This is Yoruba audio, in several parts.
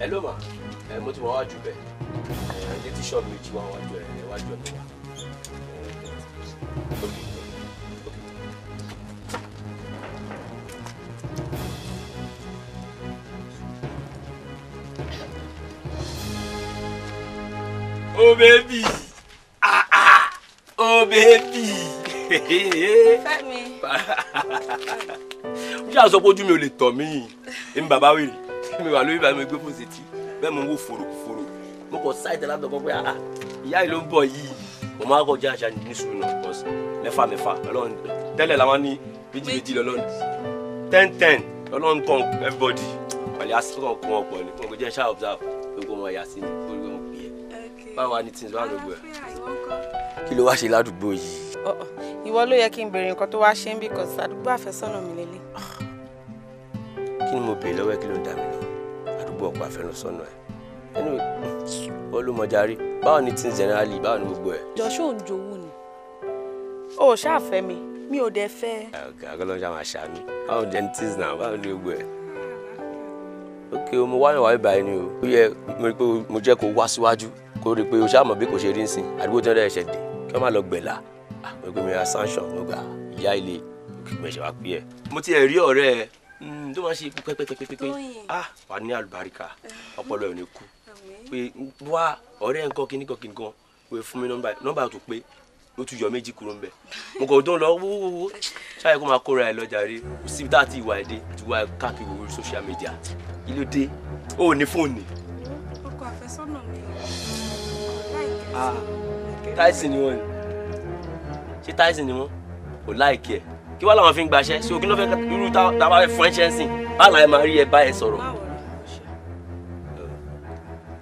ẹ ló mà ẹ mo ti wọ́n wájú bẹ̀ ẹ ilé tí ṣọ́ọ̀bù méjì wá wájú ẹ ẹ wájú Oh baby, ah ah, oh baby. Fẹ́mi. Bí a sọ pé ojú mi ò lè tọ̀ mí, èmi bàbá wèrè mi wà lórí ìbámu gbé fún sétí bẹ́ẹ̀ mo ń wo fòròfòrò mo kọ sáìtì aládọ́gbọ́n pé ah ìyá yìí ló ń bọ̀ yìí mo máa kọ àṣà ní sùúrù náà bọ́sì mẹ́fà mẹ́fà lọ́lọ́run tẹ́lẹ̀ làwọn ní méjì méjì lọ́lọ́run ten ten lọ́lọ́run kan everybody pẹ̀lú asọ́kàn kún ọ̀pọ̀ ní kò jẹ́ ṣáà observe gbogbo ọmọ ẹ̀yà sí ni gbogbo ọmọ pè é báwo wá ní tí n bá gbogbo ẹ̀ kí ló wá ṣe ládùúgbò yìí. ìwọ ló yẹ kí n béèrè nǹkan tó wá ṣe ń bí kò sàdúgbò àfẹ́sọ́nà mi lélẹ̀. Ah. kí ni mo béèrè lọ́wọ́ kí ló dà mí gbogbo ọ̀pá àfẹnusọ́nà ẹ̀ ẹnu olùmọ̀járí báwo ni tin generally báwo ni gbogbo ẹ̀. jọ̀ṣọ́ ò ni o ò mi mi ò dẹ̀ fẹ́. ọ̀gá ọlọ́run ṣàmà ṣàmì báwo ni dentist náà báwo ni gbogbo ẹ̀. ok mo wá o ó yẹ mo rí pé wá síwájú kó rí o ṣáà mọ̀ bí kò ṣe rí nsìn àdúgbò tí wọ́n dẹ̀ ṣẹ̀ lọ gbẹ̀là ah, mo rí pé Mm, tó máa ń ṣe ikú pẹ́pẹ́pẹ́pẹ́ ah wà ní àlùbáríkà ọpọlọ ẹ̀ ní kú pé wá ọ̀rẹ́ ẹ̀ ń kọ́ kíní kan kíní kan pé fún mi nọ́mbà nọ́mbà tó pé ó tún yọ méjì kúrò ń bẹ̀ mo kàn dán lọ wúwúwú ṣáà yẹ kó máa kóra ẹ̀ lọ́jà rí síbi tá a ti ìwà ẹ̀ dé ti wá káàkiri orí social media kí ló dé ó ní fóònù. ọkọ àfẹ́sọ́nà mi láìkẹ́ ah, sí. Tyson ni wọ́n ni ṣé Tyson ni wọ́n kò láìkẹ́ ẹ̀ kí wàá làwọn fi ń gbaṣẹ́ ṣé o kí ló fẹ́ irú táwa fún ẹ ṣe ń sìn báà láì máa rí ẹ bá ẹ sọ̀rọ̀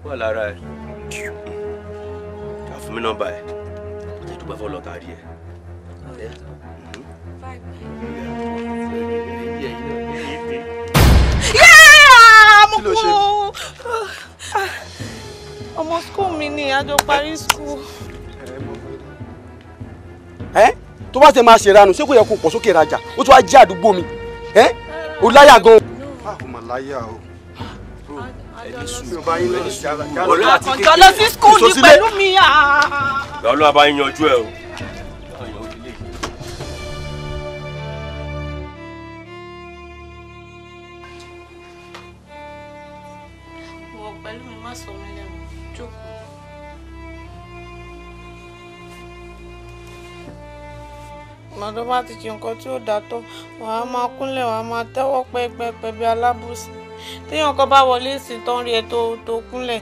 wà lára ẹ ká fún mi nọ́mbà ẹ ṣe dúpẹ́ fọ́ lọ́ta rí ẹ. mo kú o ọmọ skul mi ni àjọ parí skul tó bá ti máa ṣèrànù ṣé kò yẹ kó pọ̀ sókè rajà ó tún wá jẹ́ àdúgbò mi ẹ́ o láyà gan. Ah, o mà láyà o. ọ̀rẹ́ àti kékeré ọ̀sọ́sílẹ̀ ọ̀lọ́ àbáyé yanjú ẹ o. màdó bá ti ṣe nǹkan tí ó dáa tán wàá máa kúnlẹ̀ wàá máa tẹ́wọ́ pẹ́ẹ́pẹ́ẹ́pẹ́ bí alábùsí téèyàn kan bá wọlé ìsìn tán rí ẹ tó tó kúnlẹ̀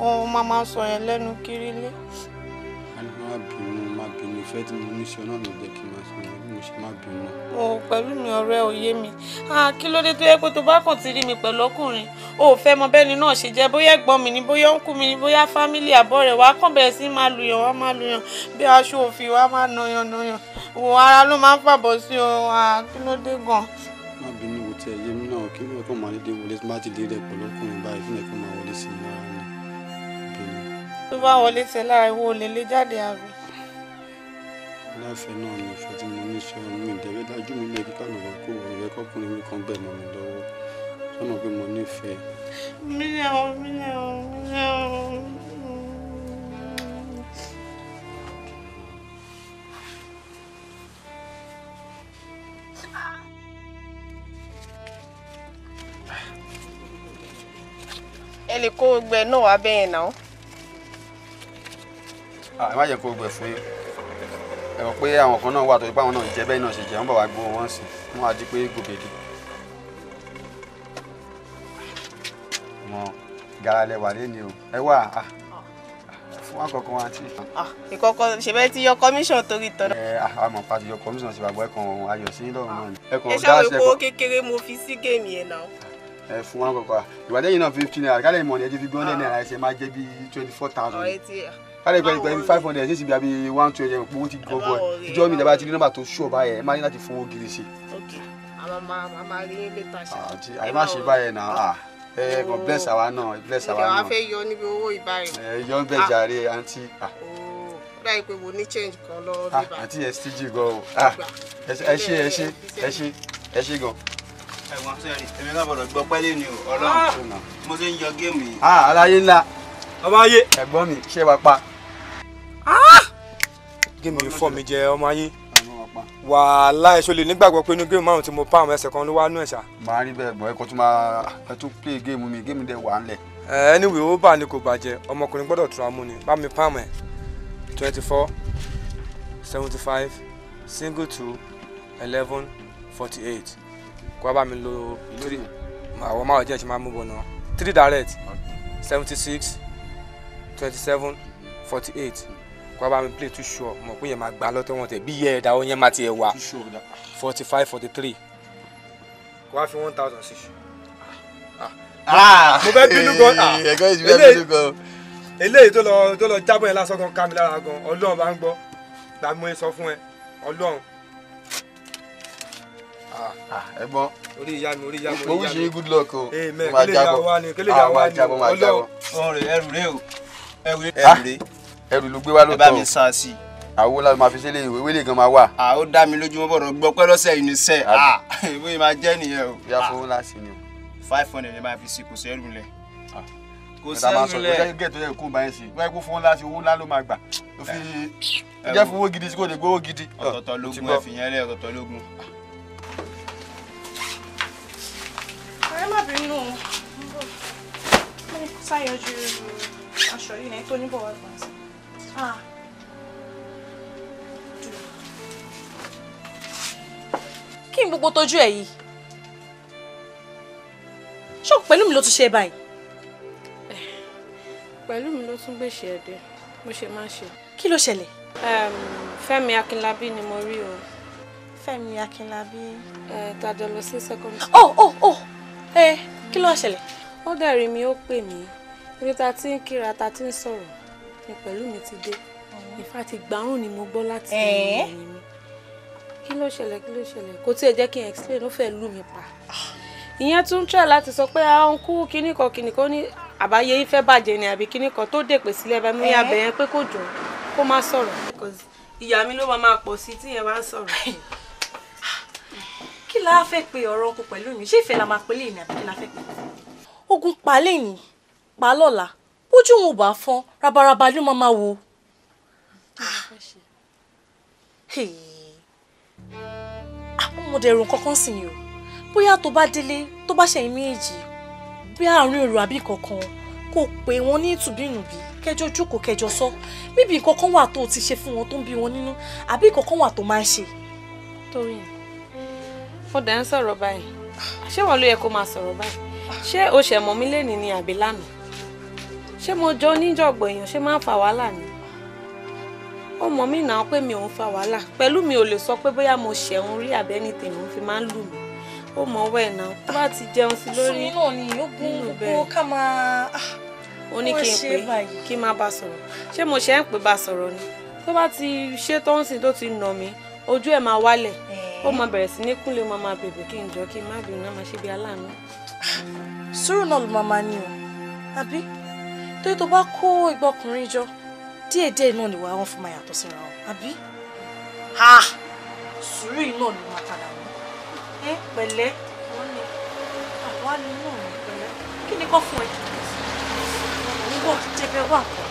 wọn máa máa sọ yẹn lẹ́nu kiri lé. a ní má bínú má bínú ìfẹ́ tí mo ní sí náà ló jẹ́ kí n máa sọ ọ́ bí mo ṣe má bínú o pẹ̀lú mi ọ̀rẹ́ òye mi kí ló dé tó yẹ pé tó bá kàn ti rí mi pẹ̀lú ọkùnrin o fẹ́ mọ bẹ́ni náà ṣe jẹ́ bóyá ẹ̀gbọ́n mi ni bóyá òǹkù mi ni bóyá fámìlì àbọ̀ rẹ̀ wá kàn bẹ̀rẹ̀ sí máa lùyàn wá máa lùyàn bí aṣọ òfin wá máa nàyàn nàyàn wò ara ló máa ń fàbọ̀ sí o kí ló dé gan. má bínú wo tiẹ̀ yé mi náà kí ló kàn máa dédé wọlé má ti dédé pẹ̀lú ọkùnrin báyìí láfẹ́ náà ni ìfẹ́ tí mo ní ṣe mi ìdẹ́rẹ́ dájú mi lè kíkà lọ́wọ́ kó o rẹ kọ́kùnrin mi kan bẹ̀ mọ́ mi lọ́wọ́ sọ́nà pé mo nífẹ̀ẹ́. mi lè o mi lè o mi lè o. ẹ lè kó gbẹ náà wá bẹ́yẹn náà. ẹ má jẹ́ kó gbẹ fún yín ẹ mọ̀ pé àwọn kan náà wà tó ipá àwọn náà jẹ́ bẹ́ẹ̀ náà ṣe jẹ́ wọ́n bá wa gbó wọn sí wọ́n á di pé gògèdè. mọ garalẹ wà lẹ́ni o ẹ wà á fún àkọ́kọ́ wa ti. ìkọkọ ṣẹbẹ ti yọ kọmíṣọ̀n torí tọ. ẹ àmọ́ pàtó yọ kọmíṣọ̀n ti bàbá ẹkàn ọhún ayọ̀ sí lọ́rùn náà ni. ẹ ṣáà wípé owó kékeré mo fi sí géèmì yẹn náà. ẹ fún àkọ́kọ́ wa ìwádìí yìí náà fifteen naira kálẹ̀ ìmọ̀ ni ẹ ti fi gbọ́n lẹ́nu ẹ̀rọ ẹ̀ṣẹ̀ máa jẹ́ bíi twenty four thousand kálẹ̀ pẹ̀lú pẹ̀lú five hundred ṣéṣì bí abi one two ẹ̀jẹ̀ owó ti gbọ́ bọ́ ẹ̀ ìjọ mi ìjọba ti rí nọ́mbà tó ṣù ọba ẹ máa ní láti fowó gidi sí. ok a máa rí yín létà ṣá. àti àyè má ṣe báyẹn ah, náà ẹ god bless our náà bless our náà. ìjọba fẹ́ yọ níbi owó ìbáyọ̀. ẹ yọ bẹ jàre àǹtí. Ah. ó dà pé mo ní change kan lọ́wọ́ ah, bíbá. àǹtí ẹ stg gan o ẹ ṣe ẹ ṣe ẹ ṣe ẹ ṣe gan ẹ̀wọ̀n sẹ́rì èmi náà bọ̀dọ̀ gbọ́ pẹ́lẹ́ ni o ọlọ́run mo ṣe ń yọ géèmù yìí. aláyé ńlá. ọba ayé. ẹ̀gbọ́n mi ṣé wàá pa. give me fọ́ mi ọmọ ayé wàhálà ẹ̀ ṣo lè nígbàgbọ́ pé inú géèmù márùn tí mo pa àwọn ẹsẹ̀ kan ló wá nú ẹ̀ṣà. màá rí bẹ́ẹ̀ bọ̀ ẹ kò tún anyway ní kò bàjẹ́ ọmọkùnrin gbọ́dọ̀ tura mú ni bá mi twenty four seventy five single two eleven forty eight three three direct seventy six twenty seven forty eight. kó bá mi play too sure mọ̀ pé yẹn máa gbà lọ́tọ̀ wọn tẹ̀ bí yẹ ẹ̀dá yẹn máa tiẹ̀ e wà forty five forty three kó wá fi one thousand six. Ah. Ah. Ah. mo fẹ́ bínú gan eléyìí tó lọ tó lọ jábọ̀ yẹn lásán gan ká mi lára gan ọlọ́run bá ń gbọ́ tàbí mo sọ fún ẹ ọlọ́run. ẹ̀gbọ́n orí ìyá mi orí mi orí ìyá mi mo wish you good luck o máa jábọ̀ máa jábọ̀ máa jábọ̀ ọ̀rẹ́ ẹrù rẹ o ẹrù rẹ ẹrù ló gbé wá lóòótọ́ ẹ bá mi san sí i àwo la máa fi sílé ìwé wílé gan máa wà. à ó dá mi lójú mo bọ̀dọ̀ gbọ́ pẹ́ lọ́sẹ̀ yìí ní sẹ́ à ìwé yìí jẹ́ nìyẹn o. bí a fowó ńlá ni o. five hundred ni máa fi sí kò sẹ́rù lẹ̀. kò sẹ́rù lẹ̀. ìjọba gẹ̀ẹ́tọ̀ yẹ kó báyìí sí i wáyé kó fowó ńlá sí owó ńlá ló máa gbà ó fi jẹ́ fowó gidi sí kò lè gbowó gidi. ọ̀tọ̀ọ̀tọ̀ lógún ẹ fi yẹn lé ọ̀tọ̀ọ̀tọ̀ lógún. ọ̀rẹ́ má bínú sáyẹ̀jú aṣọ yìí ní tó ní bọ̀ wá gbọ̀nsẹ̀. Ah. Kí ni gbogbo tójú ẹ̀ yìí? Ṣé pẹ̀lú mi ló tún ṣe báyìí? Pẹ̀lú mi ló tún gbèsè ẹ̀dẹ̀, mo ṣe máa ṣe. Kí ló ṣẹlẹ̀? Fẹ́mi Akínlábí ni mo rí o. Fẹ́mi Akínlábí. tàjọ lọ sí secondary. Oh oh oh! Ẹ eh, kí ló wá ṣẹlẹ̀? Ó dẹ̀ rí mi, ó pè mí. Ibi ta ti ń kíra, ta ti ń sọ̀rọ̀ ni pẹ̀lú mi ti dé ìfà ti gbárùn ni mo gbọ́ láti ẹ̀yìn eh? mi kí ló ṣẹlẹ̀ kí ló ṣẹlẹ̀ kò tí ì jẹ́ kí n explain ó fẹ́ lù mí pa ìyẹn tún try láti sọ pé à ń kú kíní kan kíní kan ní àbáyé ìfẹ́ bàjẹ́ ni àbí kíní kan tó dèpè sílẹ̀ bá mi yà eh? bẹ̀yẹn pé kò jọ kó má sọ̀rọ̀ ìyá mi ló máa máa pọ̀ sí tí yẹn bá ń sọ̀rọ̀ kí la fẹ́ pe ọ̀rọ̀ ọkọ pẹ̀lú mi ṣé ìfẹ́ la máa pe lè ní àbí kí la fẹ́ pe. ogun pa lẹ́yìn pa lọ́la bójú òun ò bá fọ́n rabaraba ló máa máa wò. àwọn kankan sì ni o bóyá tó bá délé tó bá ṣẹ̀yìn méjèèjì bí àárín èrò àbí kankan kò pé wọn ní ìtùbínùbí kẹjọ jókòó kẹjọ sọ bíbí nǹkan kan wà tó ti ṣe fún wọn tó ń bí wọn nínú àbí nǹkan kan wà tó máa ń ṣe. torí mo dà ń sọ̀rọ̀ báyìí ṣé wọn ló yẹ kó máa sọ̀rọ̀ báyìí ṣé o ṣẹ̀mọ̀ mi lẹ́nìí ni àbí lánàá ṣé mo jọ oníjọ̀gbọ̀n èèyàn ṣé máa ń fa wàhálà ni ó mọ̀ mí náà pé mi ò ń fa wàhálà pẹ̀lú mi ò lè sọ pé bóyá mo ṣẹ̀hún rí àbẹ́ni tèmi fi máa ń lù mí ó mọ̀ wẹ̀ náà tó bá ti jẹun sí lórí nínú bẹ́ẹ̀ ah, ó ní kí n pè kí n má bá sọ̀rọ̀ ṣé mo ṣe ń pè bá sọ̀rọ̀ ni tó bá ti ṣe tó ń sìn tó ti nà mí ojú ẹ̀ máa wálẹ̀ eh. ó máa bẹ̀rẹ̀ sí ní kúnlẹ̀ máa máa bèbè kí n jọ kí n má bínú náà máa ṣe bí aláàánú. sùúrù náà ló máa máa ní o àbí tó tó bá kó ìgbà ọkùnrin jọ díẹ̀díẹ̀ náà ni wàá wọn fún ma yàtọ̀ síra wọn àbí ha sùúrù yìí náà ló padà wọn ẹ pẹ̀lẹ́ wọn ni àwa ni náà ní ah, pẹ̀lẹ́ kí ni kò fún ẹ òun bọ̀ wà pọ̀.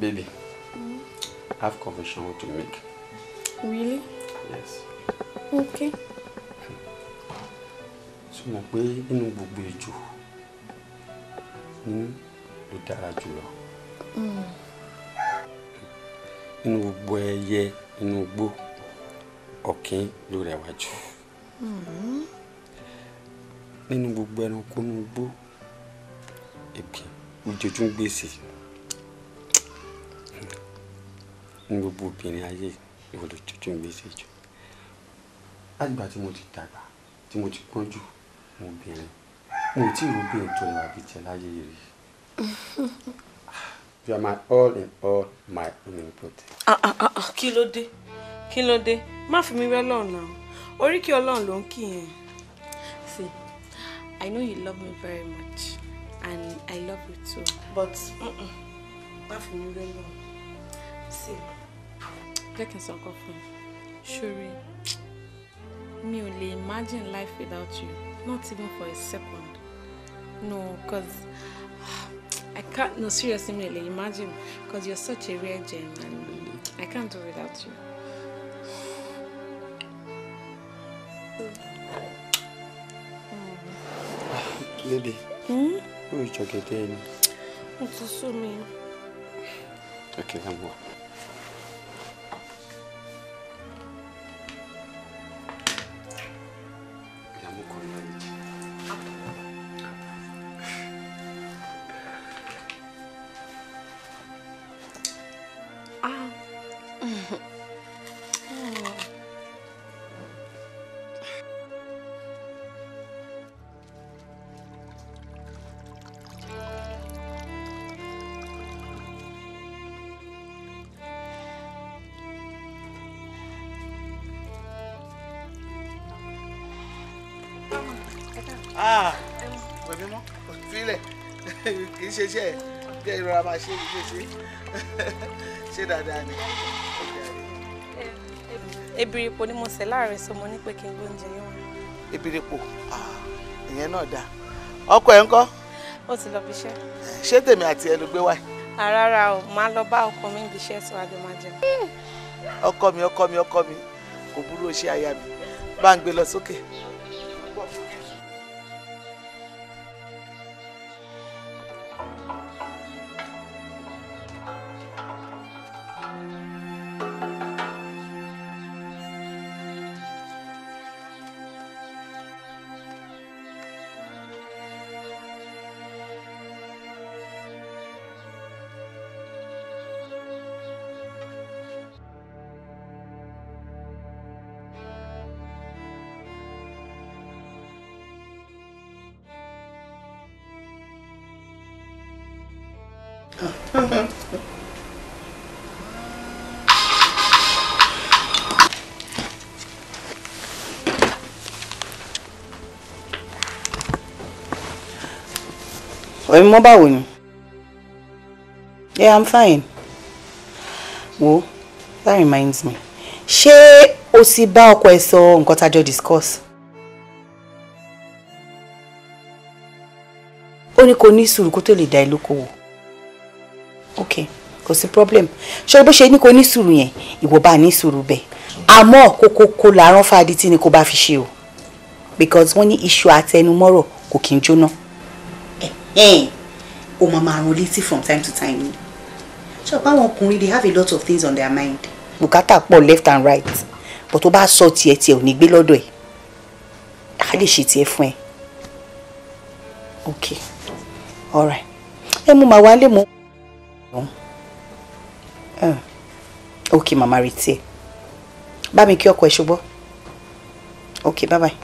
Baby, mm. I have confession to make. Really? Yes. Okay ṣe mọ̀ pé nínú gbogbo ejò ní ló dára jùlọ nínú gbogbo ẹyẹ inú igbó ọ̀kín ló rẹwà jù nínú gbogbo ẹranko inú igbó ègbìn ojojú ń gbèsè ní gbogbo obìnrin ayé ìwọ̀n lójojú jù láti tí mo ti dàgbà tí mo ti pọ́n jù mo bèrè mo ò tí ì rúbí ètò ìwà àbíjẹ láyé rí you are my all in all my input. Ah, ah, ah, kí ló dé kí ló dé má fi mi wé Ọlọ́run náà orí kí Ọlọ́run ló ń kí yẹn. see I know you love me very much and I love you too but má fi mi wé Ọlọ́run see jẹ́ kí n sọ nǹkan fún un ṣórí mi ò lè imagine life without you. Not even for a second. No, because I can't. No, seriously, Mele, imagine. Because you're such a rare gem and I can't do without you. Lady, hmm? who is your getting? It's so me. Okay, come on. ṣé dáadáa ni ebiripo ni mo sè laare so mo ní kí n ebiripo ah, ìyẹn naa daa. ọkọ ẹ ńkọ́. ó ti àti ah, o lọ bá ọkọ mi níbi iṣẹ́ tó ọkọ mi ọkọ mi ọkọ mi aya mi ẹ̀mí mọ́ báwo ni yeah i'm fine wo that reminds me ṣé o sì bá ọkọ ẹ sọ nǹkan tájọ discuss. ó ní kò ní sùúrù kó tó lè dá ẹ lókòwò ok kò sí problem ṣé bó ṣe ní kò ní sùúrù yẹn ìwọ bá ní sùúrù bẹ́ẹ̀ àmọ́ kókó kó fàdí tí ni kò bá fi ṣe o because wọ́n ní iṣu àtẹnumọ́rọ̀ kò kí ń jóná. No o Mama, máa rán from time to time So ṣé ọ̀pá àwọn they have a lot of things on their mind. bùkátà pọ̀ left and right but tó bá sọ tiẹ̀ tiẹ̀ ò ní gbé lọ́dọ̀ ẹ̀ a lè ṣe tiẹ̀ fún Okay, ok alright ẹ mú màá wálé mú. Ah. ok màmá retí ẹ bá mi kí ọkọ ẹ ṣubọ ok bye bye.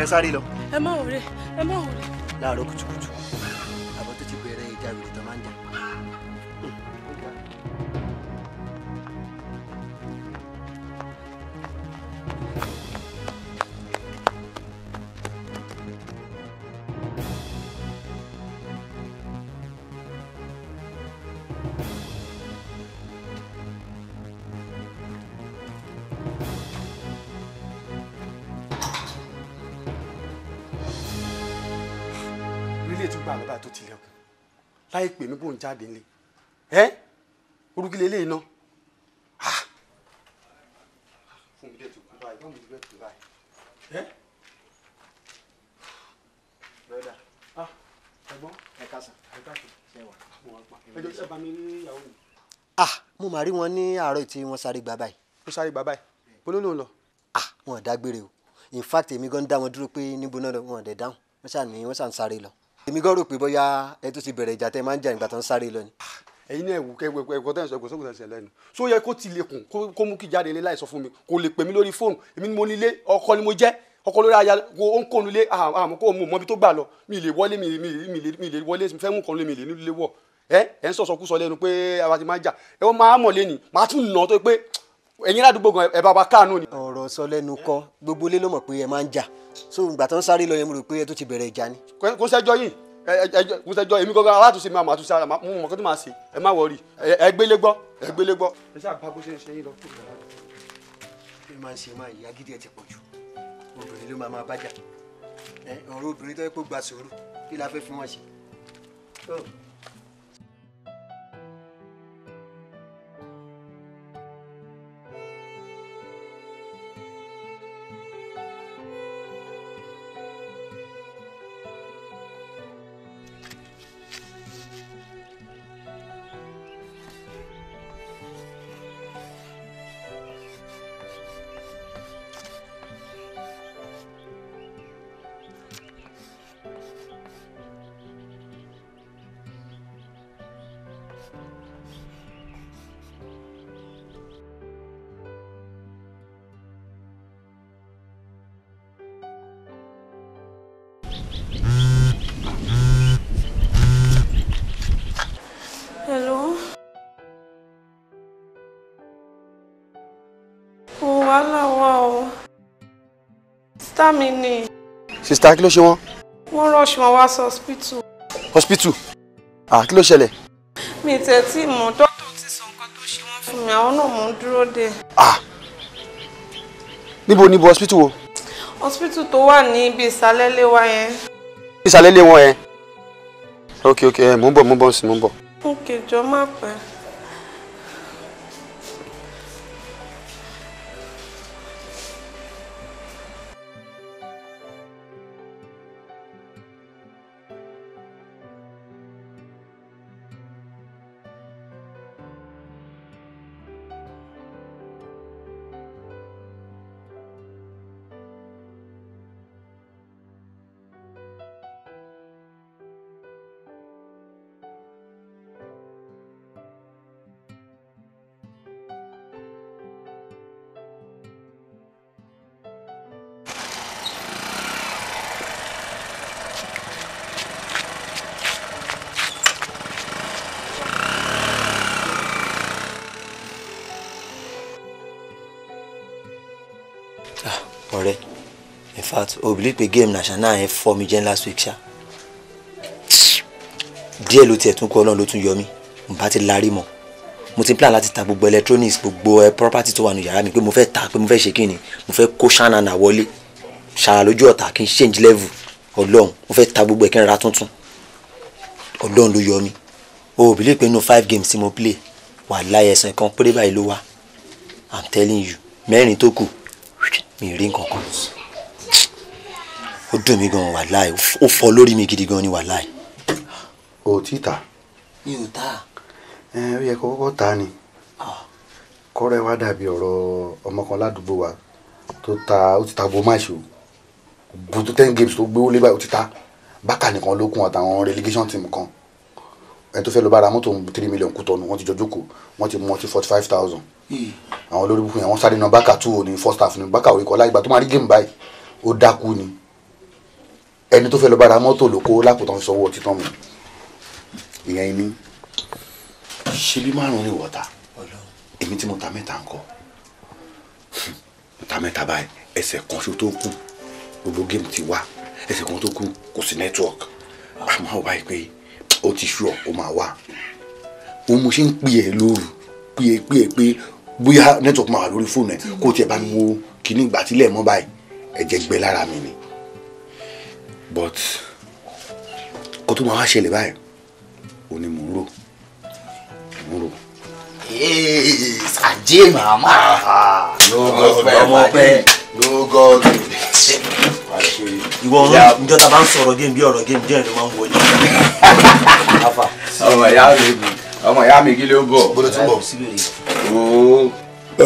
lẹ sáré lọ. ẹ má wọlé ẹ má wọlé. láàárọ̀ kùtùkùtù pé òun jáde nílé ẹ orúkìlẹ̀ eléyìí náà ha ah! fún mi dẹ̀ tó kú báyìí báwo ah ẹ̀gbọ́n ẹ kásán ẹ kásán ṣe wà mo wà pa ẹjọ́ sábà mi ní ah mo máa rí wọn ní àárọ̀ tí wọ́n sáré gbà báyìí. wọ́n sáré gbà báyìí polówó ló ń lọ. ah wọn ò dágbére o in fact èmi gan dá wọn dúró pé níbo náà wọn ò dẹ̀ dáhùn wọ́n ṣàní wọ́n ṣàn lọ èmi gan rò pé bóyá ẹ tó ti bẹ̀rẹ̀ ìjà tẹ máa ń jà nígbà tó ń sáré lọ ni. ẹ̀yin náà ẹwù kẹwẹ ẹkọ tẹ ẹ sọ ẹkọ sọgbọn ẹsẹ lẹ́nu so yẹ kó ti lè kùn kó mú kí jáde ilé láì sọ fún mi kò lè pè mí lórí fóònù èmi ni mo nílé ọkọ ni mo jẹ ọkọ lórí aya wo ó ń kó nílé àmọ́ kó mú mọbi tó gbà lọ mi lè wọlé mi lè wọlé fẹ́ mú kan mi lè nílé wọ ẹ ẹ ń sọsọ kú sọ lẹ́nu pé àwa ti máa ń jà ẹ wọ́n máa mọ̀ lẹ́nu màá tún nà tó pé ẹ̀yin ládùúgbò gan ẹ bá wa káàánú ni. ọ̀rọ̀ sọ lẹ́nu kọ́ gbogbo ilé ló mọ̀ pé ẹ máa ń jà so ìgbà tó ń sáré lọ yẹn mo rò pé ẹ tó ti bẹ̀rẹ̀ ìjà ni. kò sẹ́jọ́ yìí kò sẹ́jọ́ èmi gangan alátùsí mi àmọ́ àtúnṣe ara mo mọ̀ kó tó máa ṣe ẹ má wọrí ẹ gbélé gbọ́ ẹ gbélé gbọ́. ẹ ṣáà bá bó ṣe yín lọ kó máa ń ṣe máa yìí agídí ẹ ti pọ̀ jù obìnrin ló máa máa bá jà ọ̀rọ̀ obìnrin tó yẹ kó gba sùúrù kí la fẹ́ fi wọ́n ṣe. wàhálà wà o. Sítá mi ni. Sista kí ló ṣe wọ́n? Wọ́n rush wọn wá sí hospital. Hospital? Ah kí ló ṣẹlẹ̀? Mi tẹ̀ tí mọ̀ dọ́tò ti sọ nǹkan tó ṣe wọ́n fún mi àwọn náà mò ń dúró dè. Ah níbo níbo hospital wo? Hospital tó wà ní ibi ìsàlẹ̀lé wa yẹn. Ìsàlẹ̀lé wọn yẹn? Ok ok mo ń bọ̀ mo ń bọ̀ sí mo ń bọ̀. Ok jọ má pẹ́. fact o believe pe game national yẹn fọ́ mi jẹ́ last week ṣá díẹ̀ ló tiẹ̀ tún kú ọlọ́run ló tún yọ mí n bá ti larí mọ̀ mo ti plan láti ta gbogbo electronics gbogbo ẹ eh, property tó wà nù yàrá mi pé mo fẹ́ ta pé mo fẹ́ ṣe kí ni mo fẹ́ kó ṣáná nà wọlé ṣàrà lójú ọ̀tá kí n change level ọlọ́run mo fẹ́ ta gbogbo ẹ̀ kí n ra tuntun ọlọ́run ló yọ mí o believe pé nínú five games tí mo play wà láyé ẹ̀sán kan péré báyìí ló wà i'm telling you mẹ́rin tó kù mi rí nǹkan kan ó dùn mí gan wàláì ó fọ́ lórí mi gidi gan ni wàláì. o ò ta. mi ò ta. ẹ ó yẹ kó ta ni kọ́rẹ́ wa dàbí ọ̀rọ̀ ọmọ kan ládùúgbò wa tó ta ó ti ta bo máṣe o bu tó ten games tó gbé ó lé báyìí ó ti ta bákà nìkan ló kún àtàwọn relegation team kan ẹni tó fẹ́ lọ bá ra mọ́tò three million kú tọ́nu wọ́n ti jọ jókòó wọ́n ti mú ọtí forty five thousand àwọn olórí bukun yẹn wọ́n sáré náà bákà two ò ní first half ni bákà òye kọ́ láyé ìgbà tó máa rí game báyìí ó dákú ni ẹni tó fẹ́ lọ bára mọ́tò ló kó lákòótán sanwó ọtí tán mu ìyẹn ni ṣe bí márùn ní wọ́ta èmi tí mo ta mẹ́ta ń kọ́ ta mẹ́ta báyìí ẹsẹ̀ kan ṣo tó kù gbogbo géèmù ti wá ẹsẹ̀ kan tó kù kò sí nẹ́tíwọ̀kì àmọ́ ò báyìí pé ó ti ṣú ọ ó máa wá òun mo ṣe ń pè é lóru pè é pè é pé bóyá nẹ́tíwọ̀kì máa wà lórí fóònù ẹ̀ kó tiẹ̀ bá mi wo kíní ìgbà tílẹ̀ mọ́ báyìí ẹ̀jẹ̀ gbẹ lára mi ni but kó tó máa wá ṣẹlẹ̀ báyìí ó ní mò ń rò mò ń rò. ṣàjẹ́ màmá lọ́mọ pẹ́ lọ́gọ́dù. ìwọ ǹjọ́ ta bá ń sọ̀rọ̀ géèmù bí ọ̀rọ̀ géèmù díẹ̀ ló máa ń wọlé. ọmọ ìyá mi ọmọ ìyá mi kí ló bọ̀. gbọ́dọ̀ tún bọ̀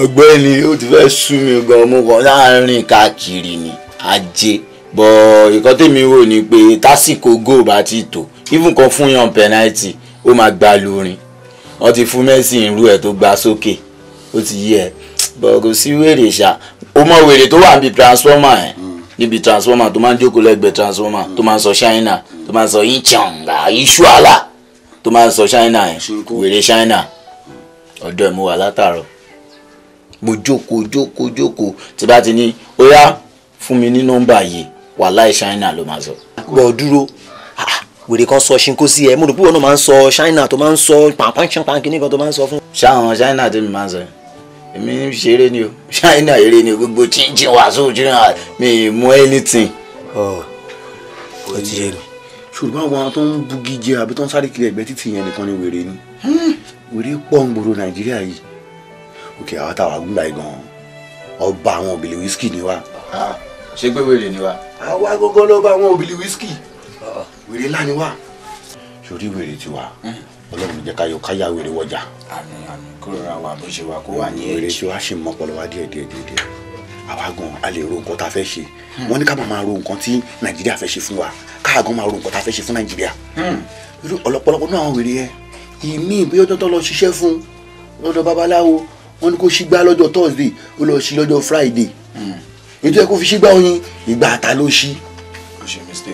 ọ̀gbẹ́ni ó ti fẹ́ sú mi gan-an mo kàn láàrin káàkiri ni ajé bọ̀ ìkan tèmi wò ni pé tásìkò go bá ti tò even kan fún yan penalty ó máa gba lórin wọ́n ti fún Messi irú ẹ̀ tó gba sókè ó ti yí ẹ̀ bọ̀ kò sí wèrè ṣá ó mọ wèrè tó wà níbi transformer ẹ̀ mm. níbi transformer tó máa ń jókòó lẹ́gbẹ̀ẹ́ transformer tó máa ń sọ China tó máa ń sọ ìchàǹgà ìṣúàlà tó máa ń sọ China ẹ̀ wèrè China ọ̀dọ̀ ẹ̀ mo wà látàárọ̀ mo jókòó jókòó jókòó tí bá ti ní ó yá fún mi ní nọ́mbà yìí wàláì ṣáínà ló máa sọ. gbọ́ dúró wèrè kan sọ ṣinko sí ẹ mo rò pé wọn máa ń sọ ṣáínà tó máa ń sọ pàǹpáǹpáǹ kìíní kan tó máa ń sọ fún. ṣáwọn ṣáínà tó mi máa ń sọ èmi ń ṣeré ni o ṣáínà eré ni o gbogbo chinchin wàásù chinchin mi ì mú anything. ọ ọ ti yẹ mi. ṣùgbọ́n àwọn tó ń bugi jẹ àbí tó ń sáré kiri ẹ̀gbẹ́ títì yẹn nìkan ni wèrè ni wèrè pọ̀ ń gbòòrò nàìjíríà yìí òkè àwọn táwa gbúgbà yìí gan ọba àwọn òbèlè àwa gángan lọ́ba àwọn òbílí wíṣkì ah, ah. wèrè ńlá ni wá. sórí wèrè tiwa hmm. ọlọ́run jẹ́ káyọ̀ káyà wèrè wọjà. àmín àmín kó rọra wà bó ṣe wà kó wà ní ẹ̀jẹ̀. wèrè tiwa ṣì mọ́ ọpọlọ wa díẹ̀ díẹ̀ díẹ̀ díẹ̀ àwa gan a lè ro nǹkan tá a fẹ́ ṣe hmm. wọ́n ní ká máa ro nǹkan tí nàìjíríà fẹ́ ṣe fún wa káà gan máa ro nǹkan tá a fẹ́ ṣe fún nàìjíríà hmm. irú náà wèrè yẹn ìmí ìbíyọ́ lọ ṣiṣẹ́ fún lọ́dọ̀ babaláwo wọ́n ní kó ṣígbá lọ́jọ́ thursday ó lọ ṣí lọ́jọ́ friday ètò ẹ kó fi ṣígbà oyin ìgbà àta ló ṣí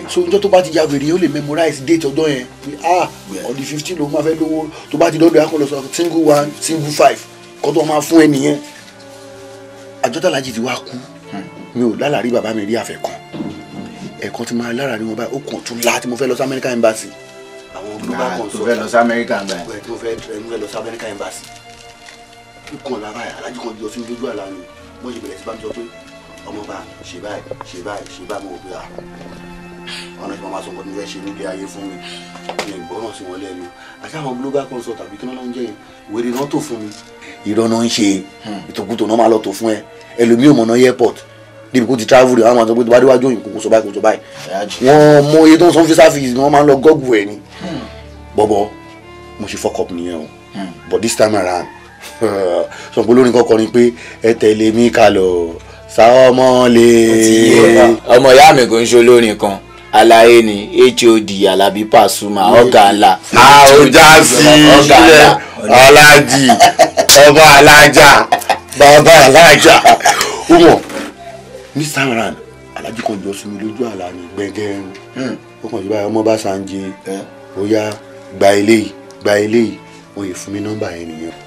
so njọ́ tó bá ti ya wèrè ó lè memorize date ọjọ́ yẹn pé ah on the fifteen ló máa fẹ́ lówó tó bá ti dọ́dọ̀ akọ lọ sọ single one single five kó tó máa fún ẹ nìyẹn àjọdàlájì ti wá kú hmm. mi ò lálàrí bàbá mi rí àfẹ́kàn ẹ̀kan ti máa lára ni wọn báyìí ó kàn tún la tí mo fẹ́ lọ sí America embassy àwọn global consul tó fẹ́ lọ sí America embassy tó fẹ́ lọ sí America embassy ó kàn lára ẹ̀ alájú kan jọ sí mi lójú àlá mi wọ́n ṣe bẹ̀rẹ̀ sí bá mi sọ pé ọmọba ṣe báyìí ṣe báyìí ṣe báyìí mo gbé a ọ̀nà tí mo máa sọ pé mo fẹ́ ṣe nílé ayé fún mi ní ìgbọ́ràn sí wọn lẹ́nu àti àwọn global consult àbí kí wọ́n ń jẹ́ wèrè náà tó fún mi. irọ́ náà ń ṣe ìtòkùtò náà máa lọ tó fún ẹ ẹlòmíì ò mọ̀ náà airport níbi kó ti travel rẹ̀ wọ́n máa sọ pé tó bá déwájú òyìnbó kò sọ báyìí kò sọ báyìí wọ́n mọ iye tó ń san visa fees ni wọ́n máa ń lọ gọ́gù ẹ̀ ni hmm. bọ́bọ́ mo ṣe fọ́kọ̀ nìyẹn o hmm. but this time around sọ̀pọ̀ lórin kọ́kọ́ ni pé ẹ tẹ̀lé mi ká lọ sáwọn ọmọ lè ọmọ ìyá mi kò ń ṣe olórin kan alaye ni hod alabi pasuma ọ̀gá ńlá. a ò já sí ilé ọlájì ọba alájà bàbá alájà ọmọ mr imran alájì kan jọ sinmi lójú àlá ni gbẹngẹrun hmm, ó kàn síbáyà ọmọ bá sanje ó yá gba eléyìí gba eléyìí wọn fún mi nọ́mbà yẹn nìyẹn.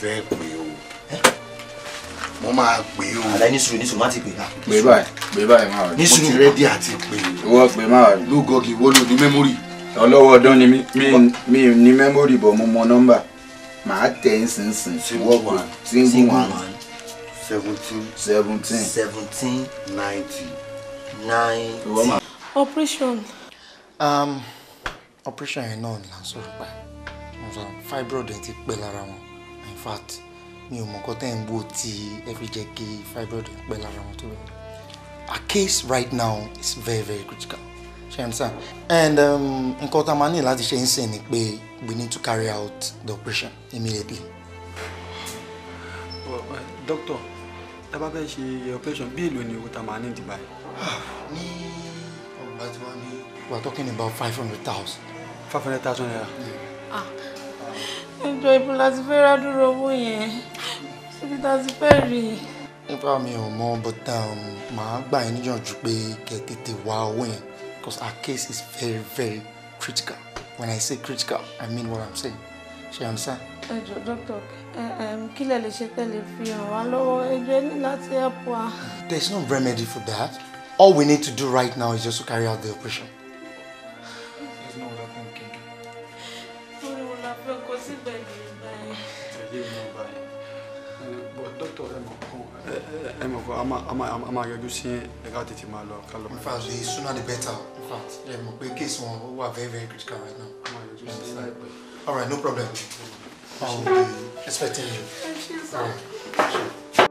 fẹ́ pè o mo máa pè o. àlẹ́ ní sùúrù ní sùúrù má ti pè. pè báyìí pè báyìí máa rí. ní sùúrù mo ti rẹ́dí àti pè. ìwọ pè máa rí. lúgọ́gì wo ló ní mẹ́mórì. ọlọ́wọ́ ọdún ni mi ní mẹ́mórì bọ̀ mo mọ nọ́mbà màá tẹ̀ ń sìn sìn. single one single one seventeen seventeen seventeen ninety nine operation. Um, operation yẹn náà là ń sọ̀rọ̀ pa fibroid ti pẹ́ lára wọn fact mi ò mọ̀ nǹkan tẹ́ ń wò tí ẹ fi jẹ́ kí fibroid pẹ́ lára wọn tó rẹ̀ our case right now is very very critical ṣe n sàn and um, nǹkan tá a máa ní láti ṣe ń sìn ni pé we need to carry out the operation immediately. Uh, doctor tá bá fẹ́ ṣe operation bí èlò ni owó tá máa ní ìdìbà yìí. Ah, ní ọgbà tí wọ́n ní. we are talking about five hundred thousand. five hundred thousand naira. ah ẹjọ́ ibo la ti fẹ́ rádúró owó yẹn síbi tá ti fẹ́ rí i. nípa mi ò mọ bọ́tà um, màá gbà yín níyànjú pé kẹ́ ẹ tètè wá owó yẹn because our case is very very critical when I say critical I mean what I'm saying ṣe am sá. ẹjọ́ dókítà kí lẹ lè ṣe tẹ́lẹ̀ fi hàn wá lọ́wọ́ ẹjọ́ ẹ ní láti help wa. there is no remedy for that all we need to do right now is just to carry out the operation. ẹ mọ̀ pé a máa yọjú sí ẹ̀ka tètè máa lọ ká lọ. in fact the sooner the better in fact ẹ mọ̀ pé case wọn ó wà very very critical right now. a máa yọjú sí all right no problem. I will be expecting you. Thank you, sir.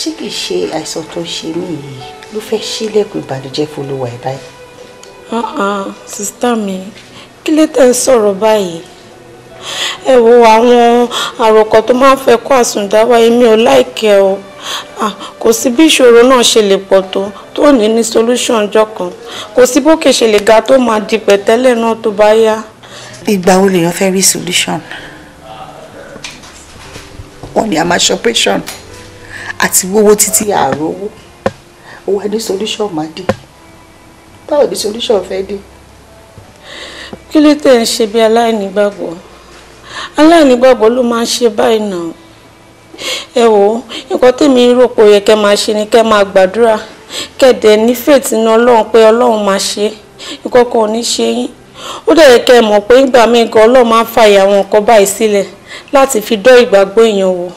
ṣé kìí ṣe àìsàn tó ń ṣe mí yìí ló fẹ́ ṣílẹ̀kùn ìbànújẹ́ fọlọ́wà ẹ̀ báyìí. Ah, ah, sista mi kí ló tẹ̀ ń sọ̀rọ̀ báyìí ẹ wo àwọn àròkọ tó máa ń fẹ́ kó àsùndáwà èmi ò láìkẹ́ o ah, kò sí bí ìṣòro náà ṣe lè pọ̀ tó tó ní ní solution ọjọ́ kan kò sí bókè ṣe lè ga tó máa di pẹ̀tẹ́lẹ̀ náà tó bá yá. ìgbà wo lèèyàn fẹ́ rí solution wọ́n ní a máa àti wówó títí àròwó owó ẹni solution máa dé táwọn ní solution fẹ́ dé. kí ló tẹ̀ ń ṣe bí aláìnígbàgbọ́ aláìnígbàgbọ́ ló máa ń ṣe báyìí náà ẹ wò ó nǹkan tèmi rò pé ó yẹ kẹ́ máa ṣe ni kẹ́ máa gbàdúrà kẹ̀dẹ̀ ní faith ní ọlọ́run pé ọlọ́run máa ṣe nǹkan kan ò ní ṣe yín ó dẹ̀ yẹ kẹ́ mọ̀ pé ìgbà míì gan ọlọ́run máa ń fàyè àwọn nǹkan báyìí sílẹ̀ láti fi dọ́ ìgbàgbọ́ èèyàn wò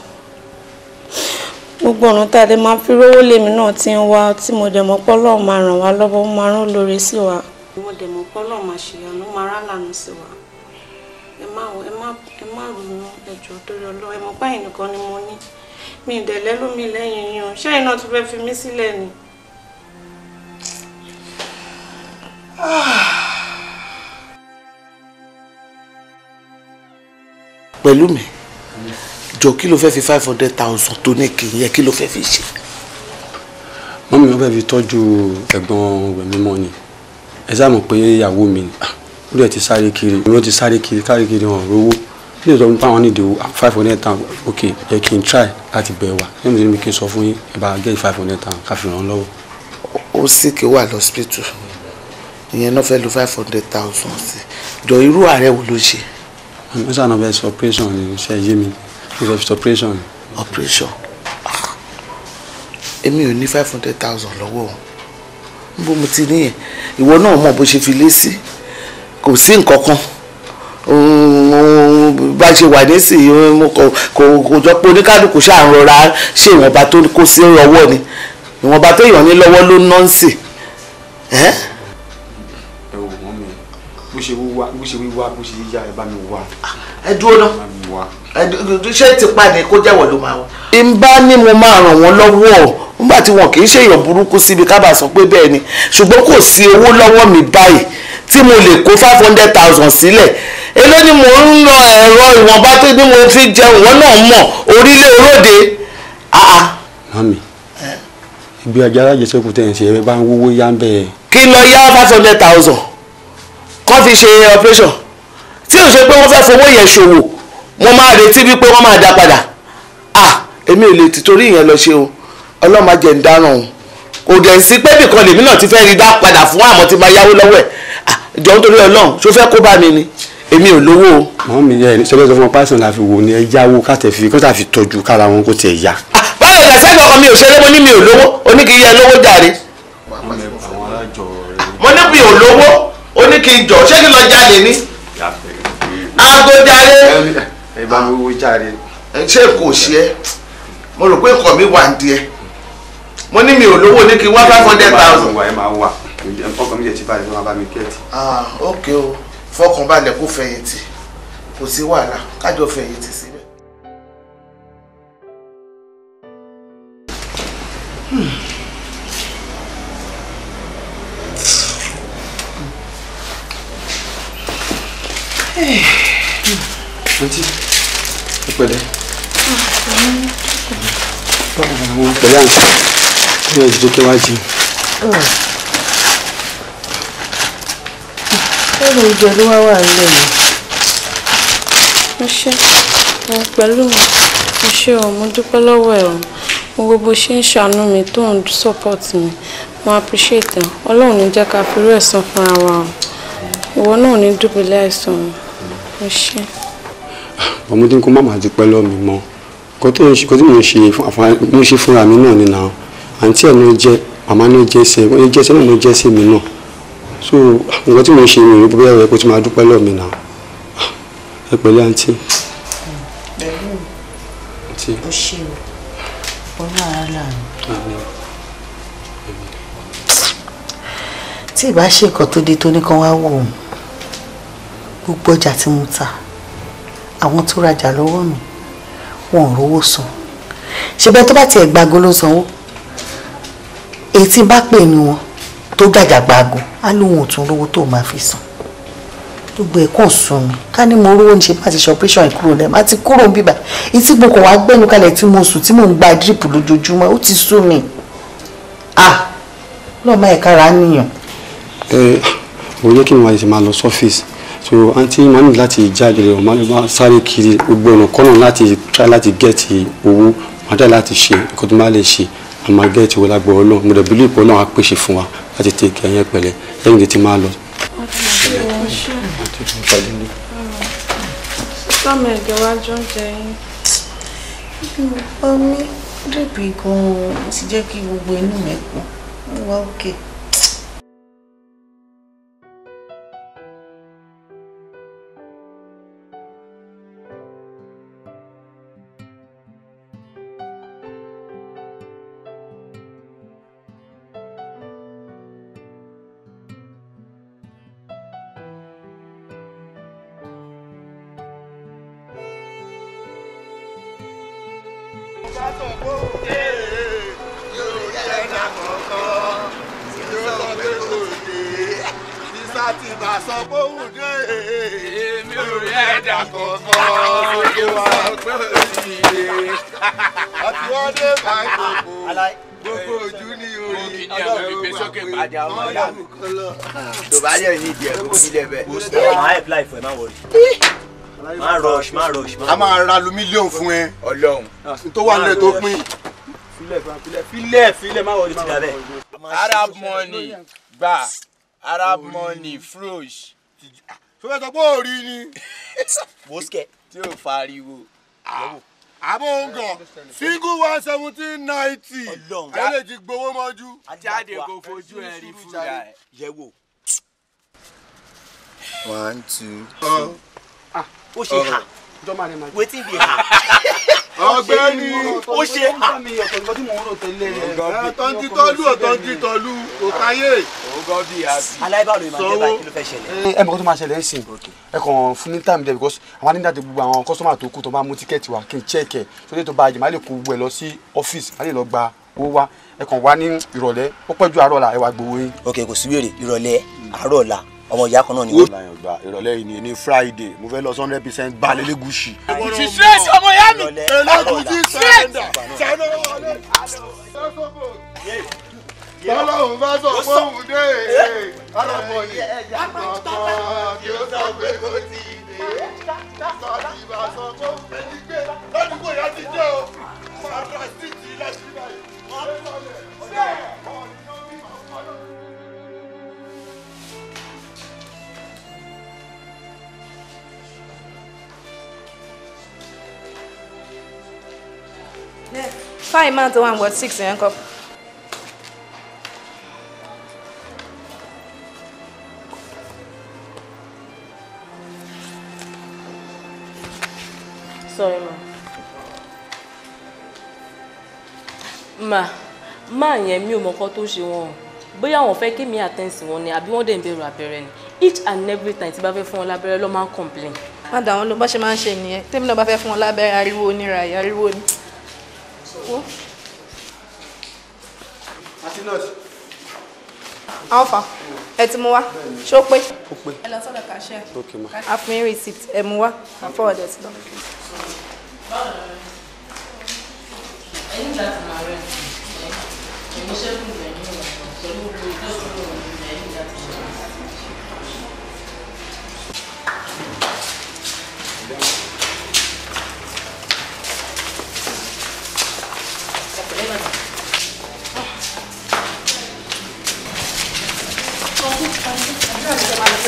gbogbo ọ̀nà tá a lè máa fi rówó lèmi náà ti ń wá tí mo dẹ̀ mọ́ pọ́lọ́ máa ràn wá lọ́wọ́ ó máa rán lóore sí wa. mo dẹ̀ mọ́ pọ́lọ́ máa ṣèyànú máa rán lànà sí wa ẹ má ẹ má ẹ má ronú ẹjọ́ torí ọlọ́ ẹ mọ̀ báyìí nìkan ni mo ní mi ìdẹ̀lẹ́ lómi lẹ́yìn yín o ṣé iná tún fẹ́ fi mí sílẹ̀ ni. Pẹ̀lúmi jọ kí ló fẹ́ fi five hundred thousand tó ní kì í yẹ kí ló fẹ́ fi ṣe. mọ́mí wọn fẹ́ fi tọ́jú ẹ̀gbọ́n wẹ̀mímọ́ ni ẹ sáà mọ̀ pé ìyàwó mi ni ah, ó dẹ̀ ti sáré kiri mi ó ti sáré kiri sáré kiri hàn rówó bí ìjọba ń bá wọn five hundred thousand ok yẹ kí n try láti bẹ̀ wá ẹ mi ní kí n sọ fún yín ẹ bá gẹ́ five hundred thousand ká fi ràn án lọ́wọ́. ó sì kí wà lọ́sípítù ìyẹn náà fẹ́ lo five hundred thousand sí jọ irú ààrẹ wo ló ṣe. ẹ sàn náà bẹ sọ pé sàn ní iṣẹ́ yé mi because of operation. operation ah. èmi ò ní five hundred thousand lọ́wọ́ o bó mo ti níyẹn ìwọ náà mọ̀ bó ṣe fi lé sí kò sí nǹkan kan bá ṣe wà nísìnyí kò jọ pé oníkálukú ṣáà ń rọra ṣe ìwọ̀nba tó kó sí ọwọ́ ni ìwọ̀nba tó yàn ní lọ́wọ́ ló nonsense, eh? bó ṣe wíwá bó ṣe wíwá bó ṣe yíyá ẹ bá mi wá. ẹ dúró náà ṣé ti padà kó jẹ́wọ́ ló máa wá. n bá ní mo máa ràn wọ́n lọ́wọ́ nígbà tí wọn kì í ṣèyàn burúkú síbi ká bá sọ pé bẹ́ẹ̀ ni ṣùgbọ́n kò sí owó lọ́wọ́ mi báyìí tí mo lè kó five hundred thousand sílẹ̀ èló ni mò ń lọ ẹ̀rọ ìwọ̀nba tó mo fi jẹun wọn náà mọ̀ orílẹ̀ òróde. Ah, ah. mami ìgbé ajá alájẹsẹ́kù tẹ̀ ń ṣe ẹ bá ń wówó yá ń bẹ́ẹ̀. kí lọ yá five hundred thousand kán fi ṣe operation tí ò ṣe pé wọ́n fẹ́ fowó yẹn ṣòwò wọ́n máa retí wípé wọ́n máa dá padà ah èmi ò lè ti ìyẹn lọ ṣe o ọlọ́mọ jẹ̀ ń dáràn o kò dẹ̀ sí pé nìkan lèmi náà ti fẹ́ rí dá padà fún àmọ́ tí máa yáwó lọ́wọ́ ẹ̀ jọ nítorí ọlọ́run ṣó fẹ́ kó bá mi ni èmi ò lówó o. mọ mi yẹ sọfẹ sọ fún pásítọ̀ la fi wò ni ẹ yáwó kátẹ fi kọ́tà fi tọ́jú kára wọn kó tiẹ̀ yá. báwo ni ẹ̀sẹ̀ kankan mi ò ṣeré mo ní mi ò lówó oníkìyẹ lówó jàre mo ní mi ò lówó ó ní kí n jọ ṣé kí n lọ jalè ní. aago jalè. ẹ bá mi wo jáde. ṣé kò ṣe ẹ mo rò pé nǹkan mi wà ń di ẹ mo ní mi ò lówó ní kí n wá five hundred thousand. ẹ máa wà ah ok o fọkànbalẹ̀ kó fẹ̀yìntì kò sí wàhálà kájọ fẹ̀yìntì sí. Yes, Joke Waji. Ẹ̀rọ oúnjẹ ló wá wà nílẹ̀ yìí. Mo ṣe mo pẹ̀lú mo ṣe ọ̀ mo dúpẹ́ lọ́wọ́ ẹ̀ ọ̀ mo wo bó ṣe ń ṣàánú mi tó ń support mi mo appreciate ẹ̀ ọlọ́run ní jẹ́ ká fi irú ẹ̀san fúnra wa o ìwọ náà ní dùbúlẹ̀ àìsàn mo ṣe. ọmọdé ń kó má máa dúpẹ́ lọ́ọ̀ mi mọ́ kó tó ń ṣe kó tó ń ṣe fúnra mi náà nínú àwọn àǹtí ẹ̀ náà jẹ́ màmá náà jẹ́ ẹsẹ̀ ẹ̀ jẹ́ ẹsẹ̀ náà ló jẹ́ ẹsẹ̀ mi náà so nǹkan tí mo ń ṣe mi rí bóyá ẹ̀kọ́ tí máa dúpẹ́ lọ́ọ̀ mi náà ẹ pẹ̀lú àǹtí. pẹ̀lú o ṣe o ọ̀nà ara làánú. tí ìbá ṣe nǹkan tó di tó ní kan wá wò ó gbogbo ọjà tí mo ta àwọn tó rajà lọ́wọ́ mi wọn ò rówó san ṣe tó bá tiẹ̀ gba agolo sanwó èyí tí bá pè ní wọn tó gàjàgbàgò á lóun ò tún lówó tó máa fi san gbogbo ẹ̀ kàn sún mi ká ní mo rówó níṣe má ti ṣe operation yìí kúrò lẹ́ẹ̀ má ti kúrò ń bíbà etí mo kàn wá gbẹ́nu kalẹ̀ tí mo sùn tí mò ń gba drip lójoojúmọ́ ó ti sún mi ah lọ́ọ́ má ẹ̀ka ra nìyàn. ẹ ò yẹ kí n wá ṣe máa lọ sọ́fíìsì so àǹtí máa ní láti jáde rẹ̀ máa bá sáré kiri gbogbo ọ̀nà kọ́nà láti try láti get owó máa dá láti ṣe nǹkan tó máa lè ṣe a máa gẹ́ ìtìwé lágbọ̀ọ́ náà mo dẹ̀ bí lóòpọ̀ náà á pèsè fún wa láti tẹ ìkẹ́ ẹ̀yẹ pẹ̀lẹ́ lẹ́yìn tí ti máa lọ. sọ́mọ ẹ̀gẹ́ wá jọ ń jẹ yín. omi dèbè gan-an ti jẹ́ kí gbogbo inú mi kú wá òkè. Okay. sọ pé òun dé èmi ò rí ẹ̀dá kankan òye wa pé òsì yé àti wọ́n dé báyìí gbogbo gbogbo ojú ní orí tó bá yẹ ní ìdíyẹ kó sílẹ̀ bẹ́ẹ̀. máa ẹ̀ fly fún ẹ má wọrí má rush má rush. a máa ra lu mílíọ̀nù fún ẹ ọlọ́run tó wà nílẹ̀ tó pín. filẹ̀ filẹ̀ filẹ̀ má wọrí ti dà arab money gbà arab money frosh. tó fẹ́ sọ pé òòrì ni. wọ́sùkẹ́. tí ò fariwo. Ah, àbóǹgọ̀ single one seventeen ninety. ọlọ́run ká lè ti gbowó mọ́jú. jáde kò fojú ẹ rí fúnra ẹ. yẹ wo. one two. ó ṣe hà wetin be hà. ọ̀gbẹ́ni ó ṣe à. tọ́ntì tọ́lú tọ́ntì tọ́lú kò aláìbáwò ni màá débà kí ló fẹ́ ṣẹlẹ̀. ẹ mọ̀ kó tó máa ṣẹlẹ̀ ẹ̀ sìn ẹ fún ní time there because àwọn anídàá gbogbo àwọn kọ́sọ́mà tó kù tó bá mú tíkẹ́ẹ̀tì wá kí n ẹ kàn wá ní ìrọ̀lẹ́ ó pẹ́ ju àárọ̀ la ẹ wá gbowó yín. ok kò sí wèrè ìrọ̀lẹ́ àárọ̀ la ọmọ ìyá kan náà ni wọ́n. ìlànà ìgbà ìrọ̀lẹ́ yìí ni friday mo fẹ́ lọ sí hundred percent bá lélẹ́ gúúsì. ti straight ọmọ ìyá mi. ẹlẹ́kùn ti straight. tọ́lá òun bá sọ pé òun dé ee alábọ̀ yìí ọkọ̀ kí ó sọ pé kò tí dé sọ́ọ̀tì bá sọ pé òun fẹ́ ní gbé lọ́dún kò yá ti jẹ́ o sàrà títì láti báyìí wọ́n á lọ́lẹ̀. five man tó one worth six yẹn kọ́. sorry ma. ma ma, yẹn mi ò mọ nǹkan tó ṣe wọn o bóyá wọn fẹ́ kí mi àtẹ̀sí wọn ni àbí wọ́n dẹ̀ ń bẹ̀rù abẹ́rẹ́ ni each and every time tí bá fẹ́ fún wọn lábẹ́rẹ́ ló máa complain. má dà wọn ló bá ṣe máa ń ṣe nìyẹn tèmi náà bá fẹ́ fún wọn lábẹ́rẹ́ ariwo oníràyè ariwo ni wo. àti nọọsì. àwọn fa ẹ ti mú wa ṣó pé. ó pé ẹ lọ sọ́dọ̀ kàṣẹ. ok receipt ẹ mú wa a forward ẹ lọ. báwo ni ẹ ní láti máa ẹ ní ṣẹ́kù.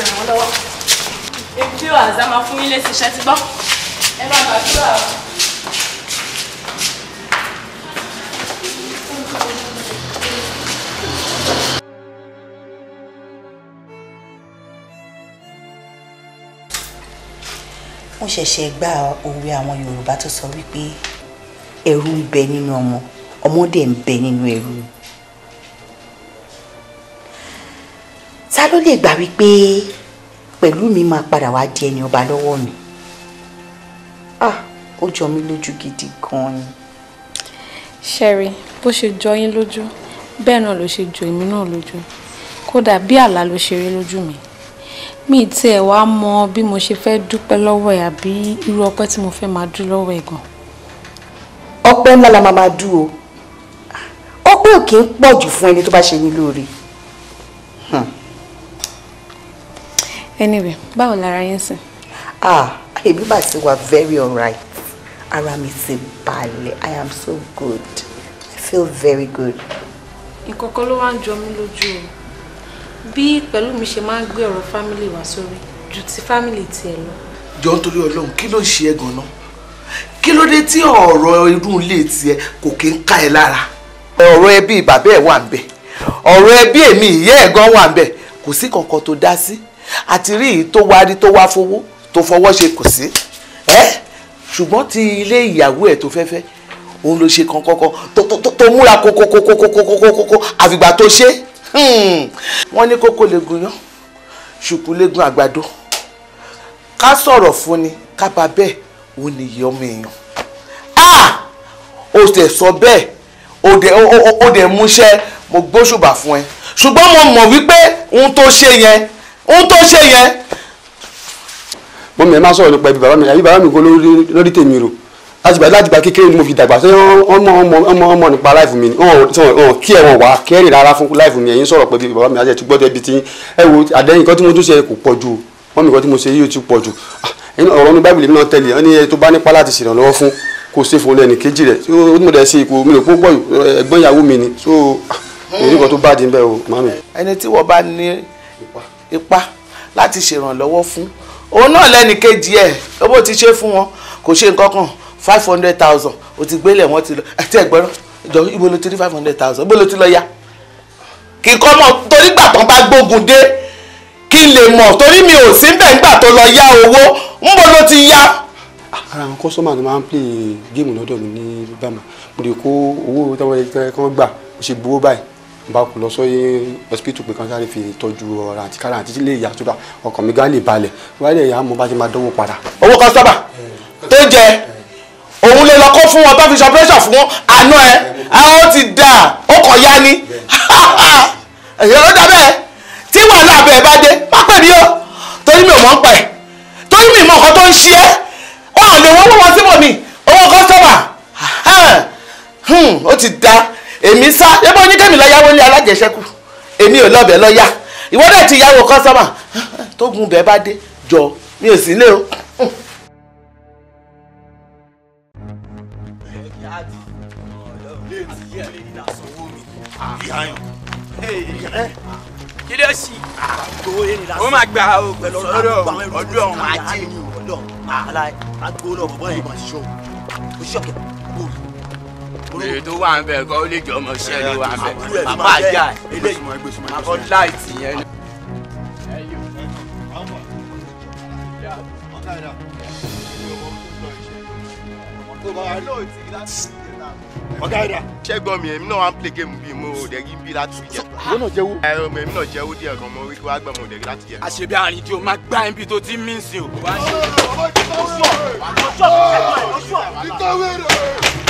ẹsẹ̀ ràn wọ́n lọ́wọ́. ebi o àzá máa fún yín lẹ́sìn iṣẹ́ ti o. mo ṣẹ̀ṣẹ̀ gba òwe àwọn Yorùbá tó sọ wípé ẹrú ń bẹ nínú ọmọ ọmọdé ń bẹ nínú ẹrú. ta ló lè gbà wípé pẹ̀lú mi máa padà wá di ẹni ọba lọ́wọ́ mi ah ó jọ mí lójú gidi gan ni. ṣẹ́rí bó ṣe jọ yín lójú bẹ́ẹ̀ náà ló ṣe jọ èmi náà lójú kódà bí àlá ló ṣe rí lójú mi mi tí wá mọ bí mo ṣe fẹ́ dúpẹ́ lọ́wọ́ ẹ̀ àbí irú ọpẹ́ tí mo fẹ́ máa dú lọ́wọ́ ẹ̀ gan. ọpẹ́ ńlá la máa máa dú o ah, ọpẹ́ ò kì í pọ̀ jù fún ẹni tó bá ṣe ní lóore. anyway báwo lára yín sìn. ah èmi bá ti wà very alright ara mi ti balẹ̀ i am so good i feel very good. ìkọ̀kọ̀ ló wá ń jọ mí lójú o bí pẹ̀lú mi ṣe máa ń gbé ọ̀rọ̀ fámìlì wá sórí ju ti fámìlì tiẹ̀ lọ. jọ nítorí ọlọ́run kí ló ń ṣe ẹ́ gan-an kí ló dé tí ọ̀rọ̀ irú ilé tiẹ̀ kò kí ń ká ẹ lára. ọ̀rọ̀ ẹbí bàbá ẹ̀ wà ń bẹ̀ ọ̀rọ̀ ẹbí èmi ìyá ẹ̀ gan wà ń bẹ̀ kò sí kankan tó dá sí. Si àti rí èyí tó wá rí tó wá fowó tó fọwọ́ ṣe kò sí ẹ́ ṣùgbọ́n ti ilé ìyàwó ẹ̀ tó fẹ́fẹ́ òun ló ṣe kan kọ́kọ́ tó múra kókókókókókókókó àfìgbà tó ṣe hmm. wọ́n ní kókó lè gun yán ṣùkú lè gun àgbàdo ká sọ̀rọ̀ fún ni ká bá bẹ́ẹ̀ òun nìyí ọmọ èèyàn o tẹ̀ sọ bẹ́ẹ̀ o dẹ̀ múṣẹ́ mo gbóṣùbà fún ẹ ṣùgbọ́n mo mọ̀ wípé ohun tó ṣe yẹn ohun tó ṣe yẹn. bọ́mọ̀ ẹ máa sọ̀rọ̀ nípa ibi bàbá mi àbí bàbá mi kò lórí tèmi rò látìgbà látìgbà kékeré ni mo fi dàgbà sẹ́yìn ọmọ ọmọ ọmọ ọmọ nípa láìfù mi ọ̀hún kí ẹ̀wọ̀n wá kẹ́rì rárá fún láìfù mi ẹ̀yin sọ̀rọ̀ pé bí bàbá mi àti ẹ̀tú gbọ́dọ̀ ibi tí ẹ wo àdéhìn kan tí mo tún ṣe kò pọ̀ ju wọ́n mi kan tí mo ṣe yíyó ti pọ̀ ju ah, ọ̀rọ̀ ní báìbìlì mi náà tẹ̀lé ẹni tó bá nípa láti ṣèrànlọ́wọ́ fún kò ṣe fún lẹ́nu kejì rẹ̀ ó mọ̀ dẹ̀ sí ipò mi ò pọ̀ ẹ̀gbọ́n ìyàwó mi ni so ah, mm. èyí kan tó bá dín bẹ́ẹ̀ o màmí. ẹni tí wọ́n bá ní ipá láti ṣèrànlọ́wọ́ fún òun náà lẹ́nì kejì ẹ̀ owó ti ṣe fún wọn kò ṣe nǹkan kan five hundred thousand o ti gbélé wọn ti lọ àti ẹgbẹ́rún ìjọ ibo ló ti rí five hundred thousand ibo ló ti lọ ya kì í kọ́ mọ̀ torí gbà tán bá gbógun dé kí n lè mọ̀ torí mi ò sí bẹ́ẹ̀ nígbà tó lọ ya owó ńbo ló ti ya. ara àwọn kọ́sọ́mà ló máa ń pè géèmù lọ́dọ̀ mi ní bàmà mo lè kó owó tọ́wọ́ ẹ̀kọ́ gbà mo ṣe gbowó báyìí bá kú lọ sóyè hospital pé kan sáré fi tọ́jú ọ̀rọ̀ àti kára àti ilé ìyá tó dá ọkàn mi gán lè balẹ̀ wáyé ìyá mo bá ti máa dánwò padà. owó kan sábà tó jẹ òun lè lọ kó fún wọn tó fi ṣan pressure fún wọn àná ẹ àwọn ti dà ó kàn yá ni ẹ̀yìn ló dá bẹ́ẹ̀ tí wàhálà abẹ́ bá dé má pè mí o torí mi ò mọ̀ ń pẹ̀ torí mi mọ̀ nǹkan tó ń ṣe é wọn ò lè wọ́n wọ́n sí mọ̀ mi owó kan sábà hmm, ó ti dá èmi sá yẹ́bọ̀ ní kẹ́mi lọ́yàwó ní alájẹsẹ́kù èmi ò lọ́bẹ̀ lọ́yà ìwọ náà ti yàwó kọ́sọ́mà tó gun bẹ́ẹ̀ bá dé jọ mi ò sí ilé o. kí ló sì ó máa gbà ó pẹ̀lú ọ̀hún ajé ọ̀dọ́ àgbò náà bọ̀bọ̀ yìí bọ̀ ṣọ́ ó ṣọ́kẹ̀ bóyá wèrè tó wà ń bẹ kọ́ ó lè jọ ọmọ iṣẹ́ ló wà ń bẹ bàbá àjà ẹ̀ àkọ́ láìtì yẹn. ọ̀gá ẹ̀dá. ṣẹ́gbọ́n mi èmi náà wá ń play game bíi mo ò dẹ́gi bí láti jẹ. ìwọ náà jẹ́wọ́. ẹ èmi náà jẹ́wọ́ díẹ̀ kan mo rí gbọ́n mo ò dẹ́gi láti jẹ. àṣebí àrìn tí o máa gbá ibi tó ti mí sí o. ọ̀ṣọ́ ọ̀ṣọ́ ẹ̀gbọ́n ẹ̀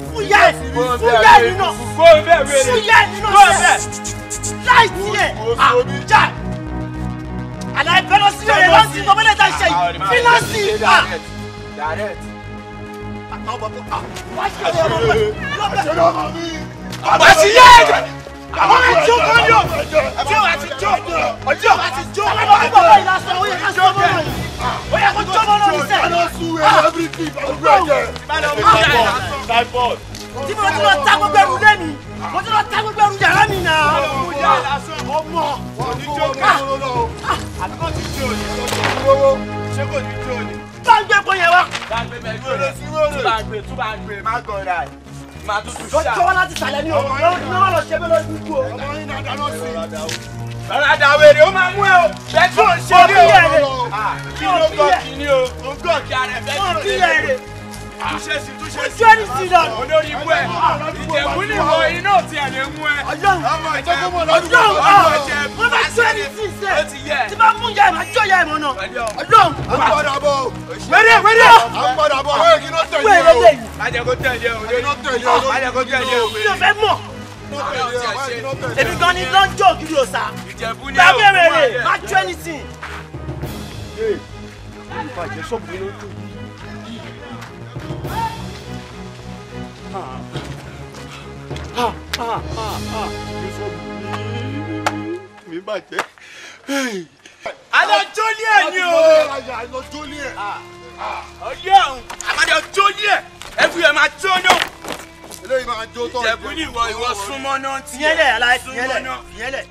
fúyà fúyà nínà fúyà nínà láì tiẹ̀ àjà àlàyé bẹ́ẹ̀ lọ sí ọ̀rẹ́ láti tọ́mọ́lẹ̀ tá a ṣe yìí fílàsì à. Àti yé ẹ̀jẹ̀ àwọn àti ọkọ ni o tí o àti jó ọjọ́ àti jó ọmọ tó bọ̀ báyìí lásán ó yẹ ká sọ mọ́ lọ́yìn ó yẹ kó jọ́ mọ́ lọ́yìn sẹ́ẹ̀ tí mo ti lọ ta gbogbo ẹrù lé mi mo ti lọ ta gbogbo ẹrù yàrá mi nà. ọmọ oníjó kẹrù lọ àbíkọ́ ti jó ni lọ́wọ́ ṣé kò ní jó ni. bá a gbé epo yẹn wá. bá a gbé mẹ́rin rẹ̀ tún bá a gbé tún bá a gbé má gọ̀ọ́ra ẹ̀ máa tún tún ṣá. lọ́jọ́ láti sàlẹ̀ ni o lọ́wọ́ lọ ṣe bẹ́ẹ̀ lọ́dún kú o. ọmọ yín náà dáná sí i rárá wèrè ó máa mú ẹ o bẹ́ẹ̀ tó ń ṣe ní o ah, kí ló gbọ́ kí ni o ó gbọ́ kí ara ẹ bẹ́ẹ̀ tó ń ṣe ní o iṣẹ́ sì tún ẹni sí náà olórí ibú ah, ìjẹ̀bú ni iná ti ẹ̀rẹ̀ mú ẹ ọmọ ìjẹ ọmọ ìjẹ mo bá ẹni sí iṣẹ́ tí bá mú ya ìmọ̀ àjọ ya ìmọ̀ náà ọdún àpọ̀dà bọ̀ wẹ́rẹ́ wẹ́rẹ́ àpọ̀dà bọ̀ wẹ́rẹ́ kí ló tẹ̀lé o ajẹ́kó tẹ̀lé o ajẹ́kó tẹ̀lé o kí ló fẹ́ mọ̀ èmi gan ni lọ́jọ́ ògiri òsà gbàgbé rẹ̀ rẹ̀ má tún mi bàjẹ́. alọ jólí ẹ ni o. alọ jólí ẹ. ọjọ́ ọ̀hún àmàlẹ́ jólí ẹ ẹ̀fù yẹn máa jó náà. eléyìí máa jó tọ́ ìjẹ̀bú ni ìwọ ìwọ súnmọ́ náà tiẹ̀ súnmọ́ náà.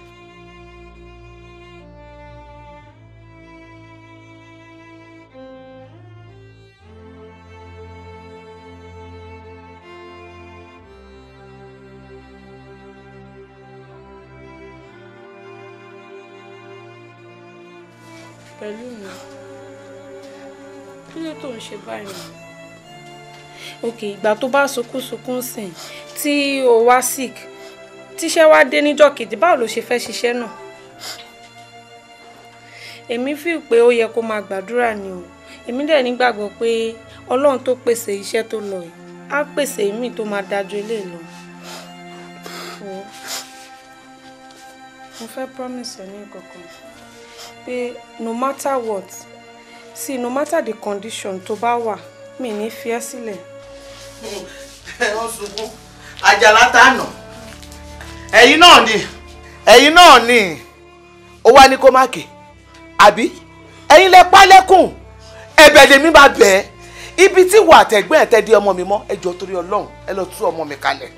pẹ̀lú mi kí ló tó ń ṣe báyìí ok ìgbà tó bá sunkún sunkún sìn tí o wá sick tíṣẹ́ wá dé níjọ́ kejì báwo ló ṣe fẹ́ ṣiṣẹ́ náà èmi fi pé ó yẹ kó máa gbàdúrà ni o èmi dẹ̀ nígbàgbọ́ pé ọlọ́run tó pèsè iṣẹ́ tó lọ yìí á pèsè èmi tó máa dájú ilé lọ. mo fẹ́ promise ẹ ní kankan pé no matter what see, no matter the condition tó bá wà mi ní fi ẹ́ sílẹ̀. ó sunkún àjàlá tá a nà ẹ̀yin náà ni ẹ̀yin náà ni ó wá ní kó má ké àbí ẹ̀yin lẹ pa lẹ́kùn ẹ̀bẹ̀ lèmi bá bẹ̀ ẹ́ ibi tí wà àtẹ̀gbẹ́ ẹ̀tẹ́ di ọmọ mi mọ́ ẹ jọ̀ọ́ torí Ọlọ́run ẹ lọ tú ọmọ mi kalẹ̀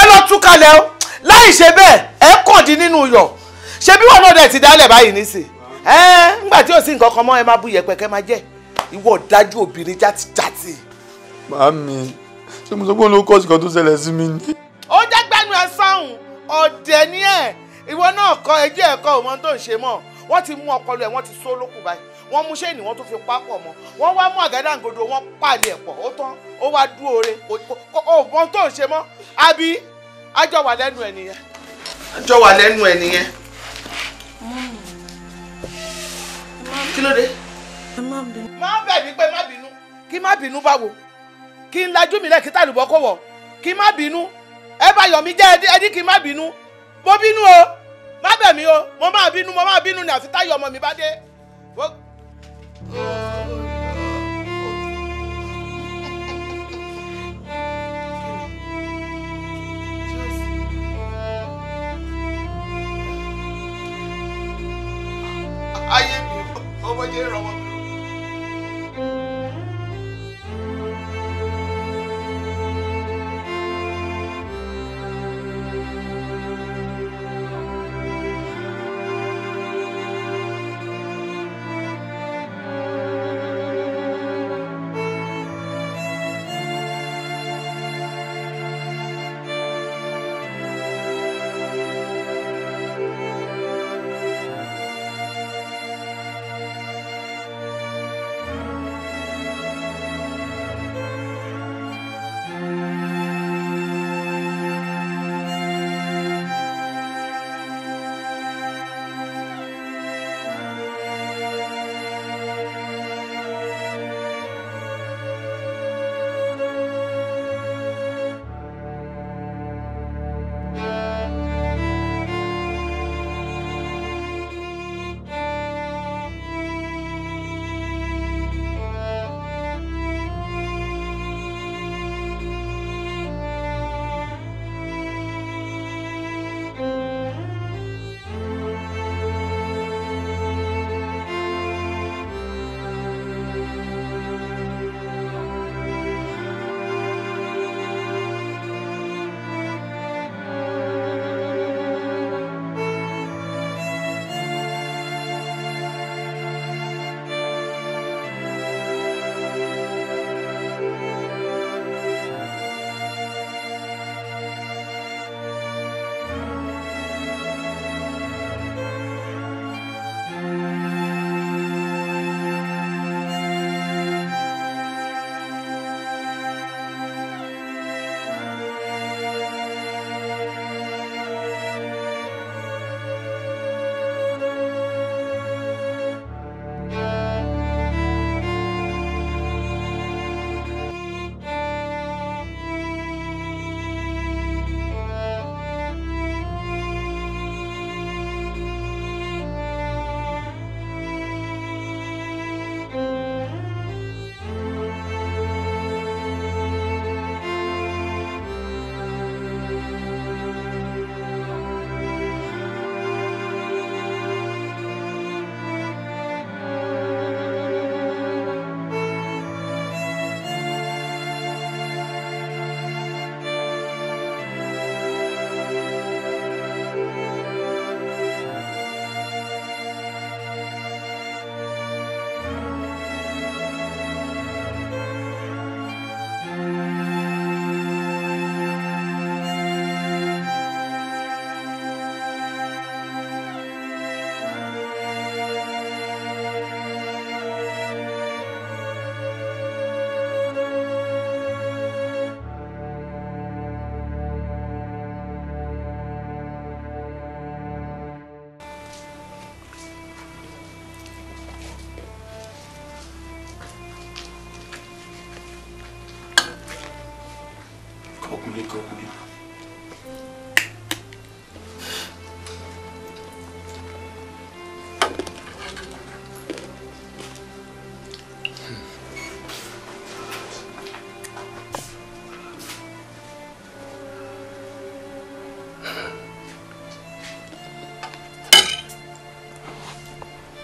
ẹ lọ tú kalẹ̀ o láì ṣe bẹ́ẹ̀ ẹ kàn dín nínú yọ̀ ṣebí wọn náà dẹ̀ ti dálẹ̀ báyìí nísìnyí ẹ ńgbà tí ò sí nǹkan kan mọ́ ẹ máa bu yẹ̀pẹ̀ kẹ́ máa jẹ́ ìwọ dájú obìnrin játijàti. màámi ṣé mo sọ pé olówó kọ́ọ̀sì kan tó ṣẹlẹ̀ sí mi ni. ó jẹ́ gbẹ́nu ẹ sọ́hùn ọ̀dẹ̀ ni ẹ̀ ìwọ náà kọ ẹjẹ́ ẹ̀kọ́ òun tó ń ṣe mọ́ wọ́n ti mú ọpọlọ ẹ̀ wọ́n ti sọ lókun báyìí wọ́n mú ṣéènì wọ́n tó fi pápọ̀ mọ́ wọ́n wá mú àgádágodo wọ́n pàlẹ̀ ẹ̀pọ̀ ó tán ó wá dú oore òun tó ń ṣe mọ́ àbí àjọwà lẹ́nu ẹ̀ nìyẹn. àjọwà lẹ́nu ẹ̀ nìyẹn. kí ló dé. má bẹ̀ mí pé má bínú kí má bínú báwo kí n lajú mi lẹ̀ kí tàlùbọ̀ kò wọ̀ kí má bínú ẹ bá yọ̀ mí jẹ́ ẹdí kí má bínú mo bínú o má bẹ̀ mí o mo máa bínú mo máa bínú ni àfi táyọ̀ ọmọ mi bá dé. Oh.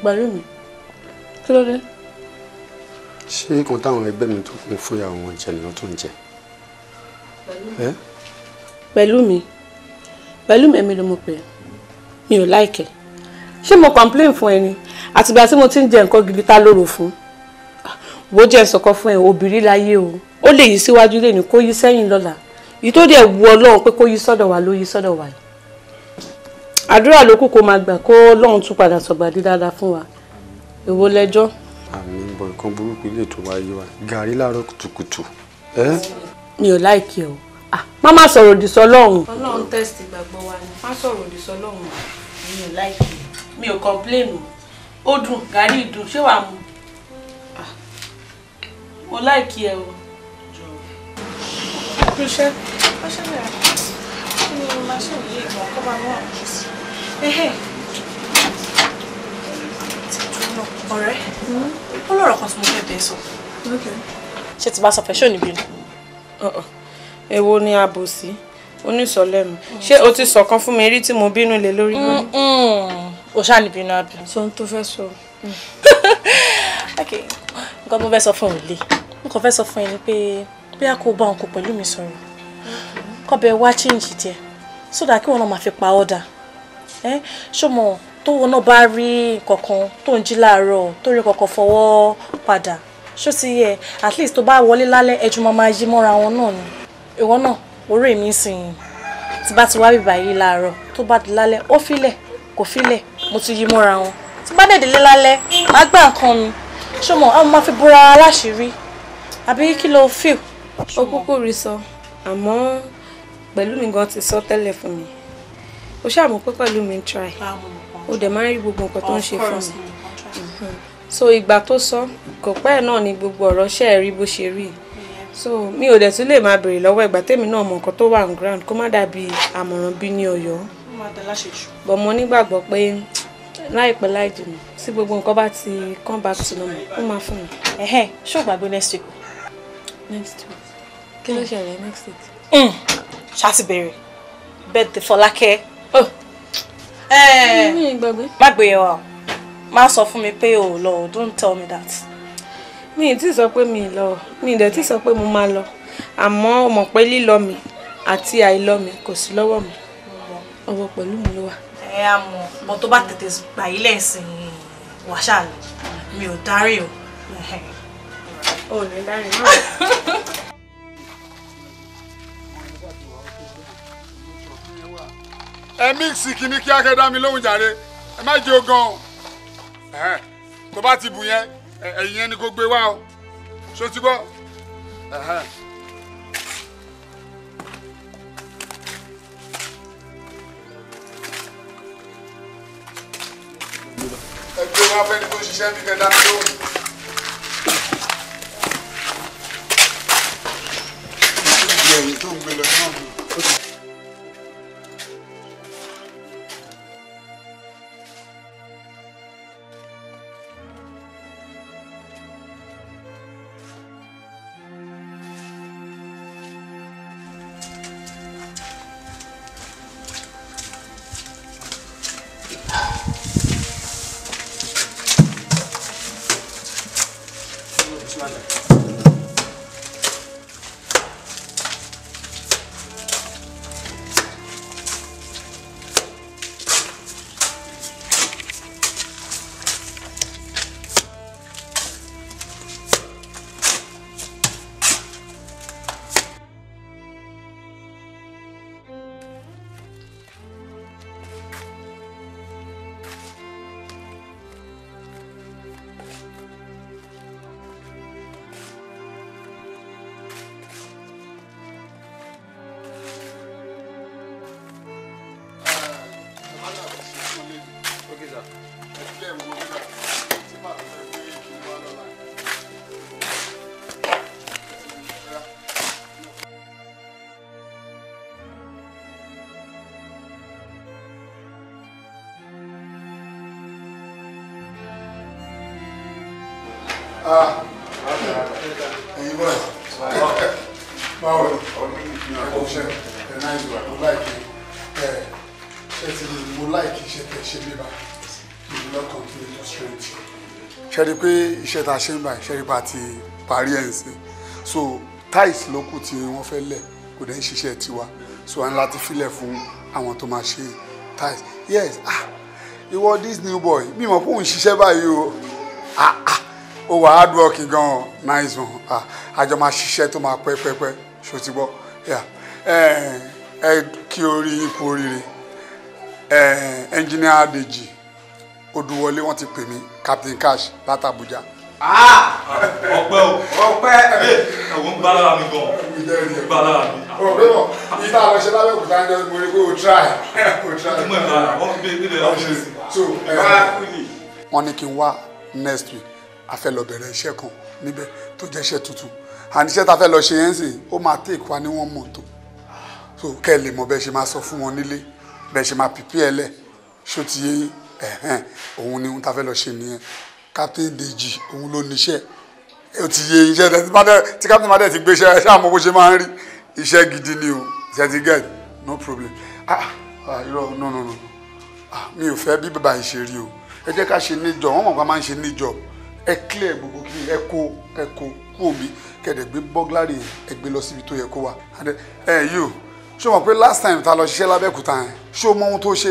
pẹ̀lú mi kí ló dé. ṣé nǹkan táwọn ẹgbẹ́ mi tó kún fún ìyàwó wọn jẹ ni wọ́n tún ń jẹ. pẹ̀lú mi pẹ̀lú mi èmi ló mọ̀ pé mi ò láìkẹ́ ṣé mo complain fún ẹni àtìgbà tí mo ti ń jẹ nǹkan gidi ta lóru fún wo jẹ́ ìsọ̀kan fún ẹ obìnrin láyé o ó lè yí síwájú lẹ́nu kó yí sẹ́yìn lọ́la ìtòdì ẹ̀ wù ọlọ́run pé kó yí sọ́dọ̀ wa ló yí sọ́dọ̀ wa yìí àdúrà ló kù kó máa gbà kó lọ́run tún padà sọ̀gbà dí dáadáa fún wa èwo lẹ́jọ́. àmì ìbọn nǹkan burúkú ilé tó wáyé wa gàrí láàárọ̀ kùtùkùtù. mi ò láìkí ẹ o má má sọ̀rọ̀ òdì sọ lọ́hùn. ọlọ́run tẹ́sítì gbàgbọ́ wa ni má sọ̀rọ̀ òdì sọ lọ́hùn mi ò láìkí mi ò kọ́ńpléènù ó dùn gàrí ìdùn ṣé wàá mu mo láìkí ẹ o. Kúṣẹ́, kúṣẹ́ bẹ̀rẹ̀ kí ni màṣẹ́ yìí ìgbà kọ́ bá mọ́ àkùsí ọ̀rẹ́ ó lọ́rọ̀ kan tí mo fẹ́ bẹ́ẹ̀ sọ. ṣé ti bá sọ fẹ́ ṣó níbí ni. Uh-uh. èwo ni àbòsí onísọlẹ́nu ṣé o ti sọ̀kan fún mi rí tí mo bínú lé lórí lónìí. o ṣáà ní bínú àbí. sọ ohun tó fẹ́ sọ. nǹkan tó fẹ́ sọ fún òun lè nǹkan fẹ́ sọ fún ẹ ni pé bí a kò bá òun kò pẹ̀lú mi sọ̀rọ̀ kọ́ bẹ wá chíǹjì díẹ̀ sódà kí wọn náà máa fi pa ọ́ dáa ẹ eh, ṣọmọ tó ọ̀nà bá rí kankan tó ń jí láàárọ̀ tó rí kankan fọwọ́ padà ṣó ti yẹ at least tó bá wọlé lálẹ́ ẹjú máa máa yí mọ́ra wọn náà ni ìwọ náà orí mi sìn tí bá ti wá bìbà yìí láàárọ̀ tó bá di lálẹ́ ó filẹ̀ kò filẹ̀ mo ti yí mọ́ra wọn tí bá dẹ̀dẹ̀ lé lálẹ́ màá gbà nǹkan mi ṣọmọ àwọn máa fi bóra aláṣìírí àbí kí ló fíl. ó kúkú rí sọ àmọ́ pẹ̀lú mi gan ti sọ tẹ́lẹ̀ fún mi o ṣáà mọ̀ pé pẹ̀lú mi ń try ah, o dẹ̀ máa ń rí gbogbo nǹkan tó ń ṣe fún mi mhm. so ìgbà tó sọ kò pẹ́ náà ni gbogbo ọ̀rọ̀ ṣe rí bó ṣe rí so mi ò dẹ̀ tún lè máa béèrè lọ́wọ́ ìgbà tèmi náà mọ̀ nǹkan tó wà on ground kó má dàbí àmọ̀ràn bí ní ọ̀yọ́ but mo nígbàgbọ́ pé láìpẹ́ láì jìnnà tí gbogbo nǹkan bá ti come back to normal ó máa fún mi. ẹ̀hẹ́ ṣó gbàgbé next week. next week kí ló ṣẹlẹ̀ next week. Hmm, ṣá ti bẹ̀rẹ̀ bẹ́ẹ̀ tẹ Fọlákẹ́ má gbé yẹn wá o má sọ fún mi pé o ò don't tell me that. mi ì tí sọ pé mi ì lọ mi ì dẹ̀ tí sọ pé mo máa lọ àmọ́ o mọ̀ pé lílọ mi àti àìlọ mi kò sí lọ́wọ́ mi ọwọ́ pẹ̀lú mi ló wà. ẹ á mọ ọmọ tó bá tètè gbà yí lẹ́sìn wàṣà mi ò dárí o. ò ní dárí náà. ẹ mixi kìíní kí akẹ́ dá mi lóhùn jàre ẹ má jẹ́ ogan tó bá ti bù yẹn ẹ̀yìn yẹn ni kò gbé wá o ṣó ti gbọ́. ẹ gbé wá fẹ́ni tó ṣiṣẹ́ bí kẹ́ mi lóhùn. tó ń gbé lọ náà. iṣẹ́ tá ṣe ń báyìí ṣẹ́rípa ti parí ẹ̀ ń sìn so tiles ló kù tí wọ́n fẹ́ lẹ̀ kò dẹ̀ ń ṣiṣẹ́ tiwa so wọ́n láti filẹ̀ fún àwọn tó máa ṣe tiles yes ah ìwọ this new boy mi mọ̀ fóun ṣiṣẹ́ báyìí o ah ah ó wà hard working gan nice one ah àjọ máa ṣiṣẹ́ tó máa pẹ́ pẹ́ pẹ́ ṣó ti gbọ́ eh, ẹ kí orí yín kú oríire ẹnjìníà Dèjì Odúwọlé wọ́n ti pè mí Captain Cash láti Àbújá Ah! ọpẹ́ o ọpẹ́ ẹ̀wọ̀n ń gbá mi gan ń gbá lára mi. ọ̀pẹ́ mọ̀ ìta àwọn ṣẹlá bẹ̀kú tá a ń jẹ́ mo rí pé o try o try. ìtumọ̀ ìlànà wọ́n fi gbé ilé ọ̀ṣẹ́ so wọ́n ní kí n wá next week a fẹ́ lọ bẹ̀rẹ̀ iṣẹ́ kan níbẹ̀ tó jẹ́ iṣẹ́ tuntun àníṣẹ́ ta fẹ́ lọ ṣe yẹn sìn ó máa take wa ní wọ́n tó so kẹ́ ẹ lè mọ bẹ́ẹ̀ ṣe máa sọ fún wọn nílé bẹ́ẹ̀ ṣe máa pìpì ẹ lẹ̀ ṣó ti yé ẹ̀hẹ́n òun ni ta fẹ́ lọ ṣe nìyẹn captain Dèjì òun ló níṣẹ́ ó ti yẹ iṣẹ́ tí captain madẹ ti gbéṣẹ́ ẹ ṣáà mọ bó ṣe máa ń rí iṣẹ́ gidi ni o ṣe ti get no problem ah, ah irọ́ no no no ah, mi ò fẹ́ bí bàbá yìí ṣe rí o ẹ jẹ́ ká ṣe níjọ wọ́n mọ̀ pé a máa ń ṣe níjọ ẹ clear gbogbo kí ẹ kó ẹ kó kú omi kẹ̀dẹ̀ gbé bọ́gláàrì ẹ gbé lọ síbi tó yẹ kó wa ẹ yìí o ṣé o mọ̀ pé last time ta lọ ṣiṣẹ́ lábẹ́kúta yẹn ṣé o mọ ohun tó ṣe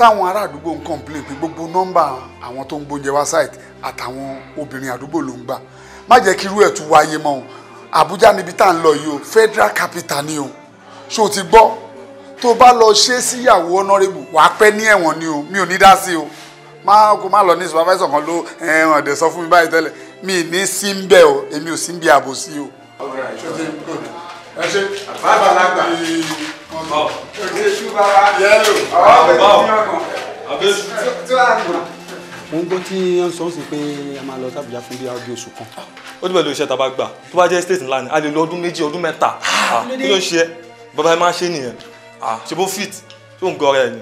táwọn ará àdúgbò ń complain pé gbogbo nọ́mbà àwọn tó ń gbóúnjẹ wá site àtàwọn obìnrin àdúgbò ló ń gbà má jẹ́ kí irú ẹ̀ tún wáyé mọ́ o Àbújá níbi tá à ń lọ yìí o federal capital ni o ṣó ti gbọ́ tó bá lọ ṣe síyàwó honourable wàá pẹ́ ní ẹ̀wọ̀n ni o mi ò ní dá sí o má kó má lọ ní supervisor kan ló ẹ̀wọ̀n ẹ̀dẹ̀ sọ fún mi báyìí tẹ́lẹ̀ mi ní sí ń bẹ̀ o èmi ò sí ń bí àbòsí o. ọ̀rẹ́ ẹ̀ ti ń gbòdì ẹ ṣe àbábàlágbà. Bọ̀. Òde ṣú bàbá. Yẹ́lò. Ọ̀rọ̀ bẹ̀rẹ̀ sí ọkàn. Àbẹ̀sù. Tó àná. Mo ń gbọ́ tí wọ́n sọ sí pé a máa lọ sábìyá fún bí ọdún oṣù kan. Ah, ó dìbò lóṣẹ́ tá a bá gbà. Tó bá jẹ́ state ńlá ni, a lè lo ọdún méjì, ọdún mẹ́ta. Ah, kí ló ń ah, ṣe ẹ́? Bàbá ẹ máa ṣe nìyẹn. Ṣé bó fit? Ṣé òun gọrẹ ni?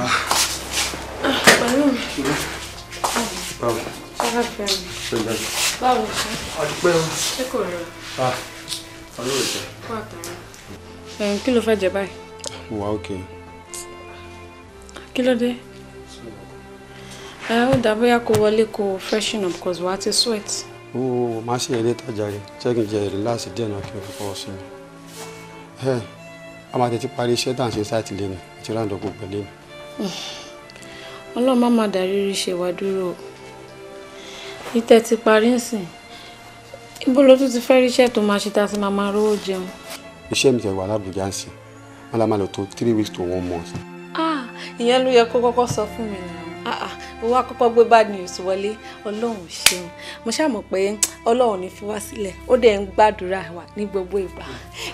Ah. báwo. sábà fẹ́ràn. ṣùgbọ́n. báwo ṣe. ọdúpẹ́ o. ṣé kò rẹ̀. a ọlọ́run jẹ. kó àtàrà. ẹ̀hún kí ló fẹ́ jẹ báyìí. wà á òkè. kí ló dé. ẹ ó dà bóyá kó wọlé kó freshen up cause wàá ti sweat. wo máa ṣe eré ìtajà rẹ ṣẹ́gun jẹ rìláàsì díẹ̀ náà kí n fi fọwọ́ sí mi. ẹ a máa tètè parí iṣẹ́ tá à ń ṣe sáìtì lẹ́nu àti ráńdọ̀ gbogbo lẹ́nu. ọlọ́run má má dàrírí ṣèwádúró o ìtẹ́ ti parí nsìn ibo ló tún ti fẹ́ ríṣẹ́ tó máa ṣe tá a ti máa máa rówó jẹun. iṣẹ́ mi ti wà lábùjá ń sìn wọ́n la máa lò tó three weeks to one month. ah ìyẹn ló yẹ kó kọ́kọ́ sọ fún mi nà ah ah wọ́n á gbé bad news wọlé ọlọ́run ṣeun mo ṣàmọ̀ pé ọlọ́run ní fi wá sílẹ̀ ó dẹ̀ ń gbàdúrà wa ní gbogbo ìgbà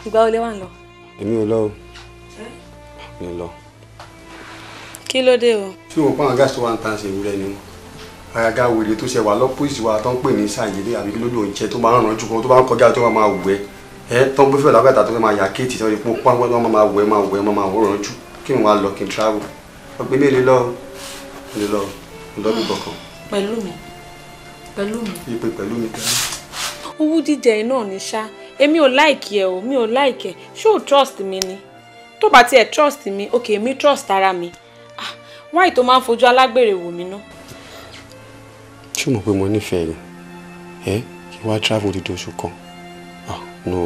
ìgbà wọlé wà lọ. èmi ò lọ o mi ò lọ. kí ló dé o. tí wọn pa àwọn gáàsì tó wà ń tàn ṣe ìwúrẹ́ ni àgàgà wèrè tó ṣe wà lọ́pọ̀ìsì wa tó ń pè ní sàyèdè àbí kí ló lò ń jẹ tó máa ń rànjú kan tó bá ń kọjá tó máa wù ẹ ẹ tó ń gbẹ́fẹ́ lágbàtà tó fẹ́ máa yà kéètì tó ń pọ́n pọ́n pọ́n máa wù ẹ máa wù ẹ máa wù rànjú kí n wá lọ kí n travel ọgbẹ́ mi lè lọ lè lọ lọ́dún hmm. kọ̀ọ̀kan. pẹ̀lú mi pẹ̀lú mi. ipe pẹ̀lú mi kẹ́rẹ́. owó jíjẹ náà ni ṣá èmi ò láìkí ẹ o mi ò láìkí ẹ ṣé o trust mi ni tó bá tiẹ̀ trust mi ok mi trust ara mi ah wáyé tó máa ń fojú alágbèrè wò mí náà ṣé o mọ̀ pé mo nífẹ̀ẹ́ yìí ẹ kí wàá travel dídí oṣù kan ah no.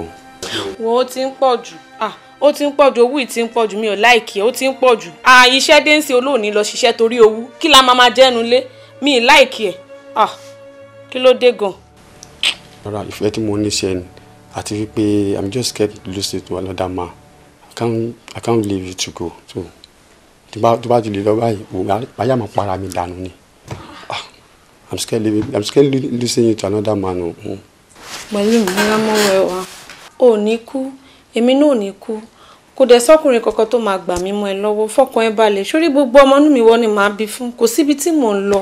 wo ó ti ń pọ̀ jù ah ó ti ń pọ̀ jù owó ìtí ń pọ̀ jù mi ò láìkí ó ti ń pọ̀ jù ah iṣẹ́ dé ń sin olóòní lọ ṣiṣẹ́ torí owó kí la máa máa jẹ́nu lé mi ì láìkí ẹ̀ ah kí ló dé gan. rárá ìfẹ́ tí mo ní ṣe ni àti wípé i'm just scared to lose it to another man i can't i can't leave you to go so tó bá tó bá ti lè lọ báyìí wò ó báyà máa para mi dànù ni. I'm scared leaving. I'm scared losing you to another man. Oh, hmm. Pẹ̀lú ìmúra mọ́wọ́ ẹ wa, ò ní kú, èmi náà ò ní kú. Kò dẹ̀ sọ́kùnrin kankan tó máa gbà mí mọ́ ẹ lọ́wọ́, fọkàn ẹ balẹ̀. Sórí gbogbo ọmọ inú mi wọ́n ni màá bí fún. Kò síbi tí mò ń lọ,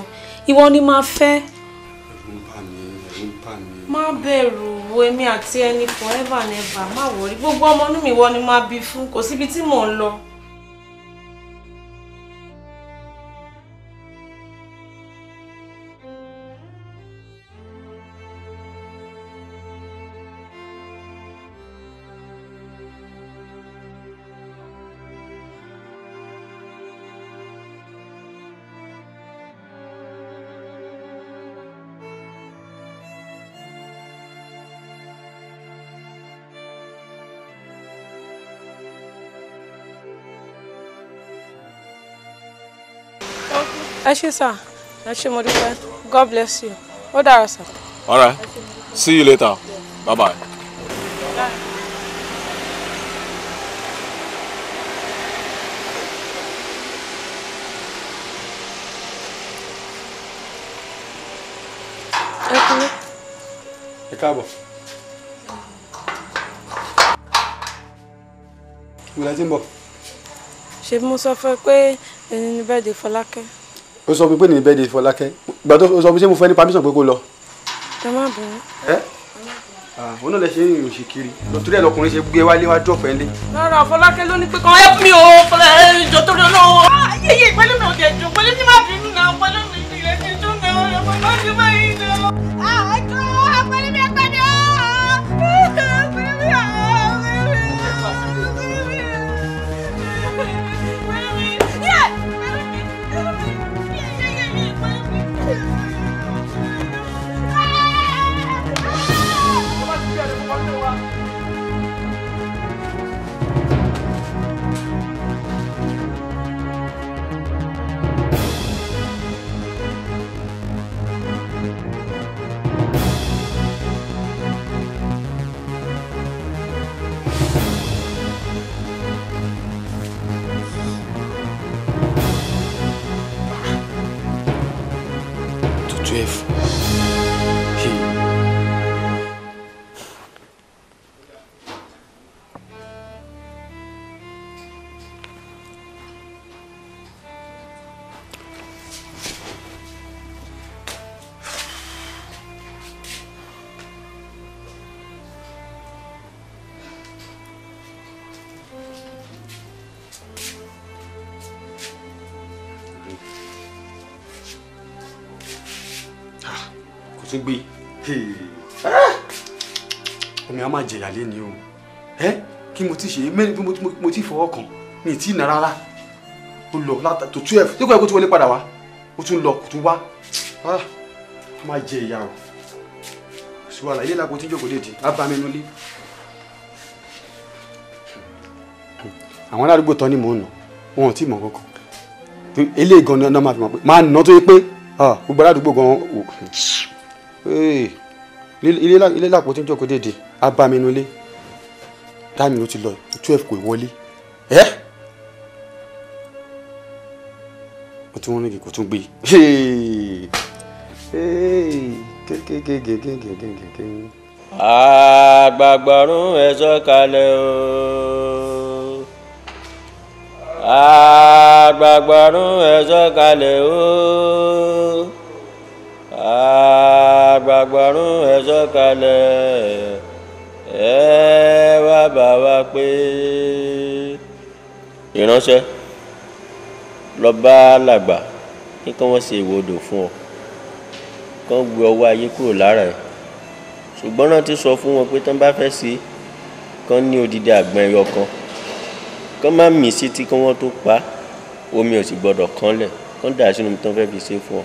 ìwọ ni màá fẹ́. Ẹ̀rù ń bà mí, ẹ̀rù ń bà mí. Má bẹ̀rù wo èmi àti ẹni forever never, má wọrí. Gbogbo ọmọ inú mi wọ́n ni màá bí fún. Kò síbi tí mò ń lọ. ẹ ṣé sà ẹ ṣé mo dúpẹ́ god bless you ó dàrọ sà. all right see you later bye bye. ẹ káàbọ̀. ìgbìlẹ̀ tí ń bọ̀. ṣe mo sọ fún ẹ pé ẹni ní bẹ́ẹ̀ di Fọlákẹ́ ó sọ pé ní bẹ́ẹ̀dẹ̀ fọlákẹ́ ìgbà tó sọ pé ṣé mo fẹ́ ní permission pé kó lọ. ẹ má bọ̀. ẹ òun náà lè ṣe ìrìn òṣì kiri lọtúrí lọkùnrin ṣe gbé wálé wájú ọ̀fẹ́ lé. rárá fọlákẹ́ ló ní pé kan help me o ìjọ tó lọ o. ayẹyẹ ìpẹ́lú mi ò jẹ́ jù pẹ́lú mi má bínú náà pẹ́lú mi ìrẹsì tó náà ah, ọ̀rọ̀ mọ́ tún gbé ah! omi a máa jẹyà lé ni o ẹ kí mo ti ṣe mẹ́rin bí mo ti fọwọ́ kàn mi ì tí ì nà rárá ó lọ láta tó twelve nígbà yẹn kó tún wọlé padà wá ó tún lọ kó tún wá ah! a máa jẹ ìyá o ṣùgbọ́n àlàyé làkó tí jókòó lè di abami inú lé. àwọn aládùúgbò tán ni mò ń nà wọn ò tí ì mọ̀ kankan eléyìí gan-an náà máa fi mọ̀ pé máa nà tó yẹ pé ah, gbogbo aládùúgbò gan-an ilé làpótí ń jòkó dédé abaminulé táàmì ló ti lọ twelve kò wọlé ẹ mo tún wọn nígi kò tún gbé àgbàgbọ́rún ẹ sọ̀kalẹ̀ o àgbàgbọ́rún ẹ sọ̀kalẹ̀ o àgbàgbọ́rún ẹ sọ̀kalẹ̀ ẹ wá bá wa pé ìránṣẹ́ lọ bá làgbà kí kí wọ́n ṣe ìwòdò fún ọ kán gbé ọwọ́ ayé kúrò lára ẹ̀ ṣùgbọ́n náà ti sọ fún wọn pé tán bá fẹ́ ṣe kán ní odidi àgbọn ẹyọ kan kán má mì sí tí kí wọ́n tó pa omi ò sì gbọ́dọ̀ kán lẹ̀ kán dà sínú tán fẹ́ fi ṣe fún ọ.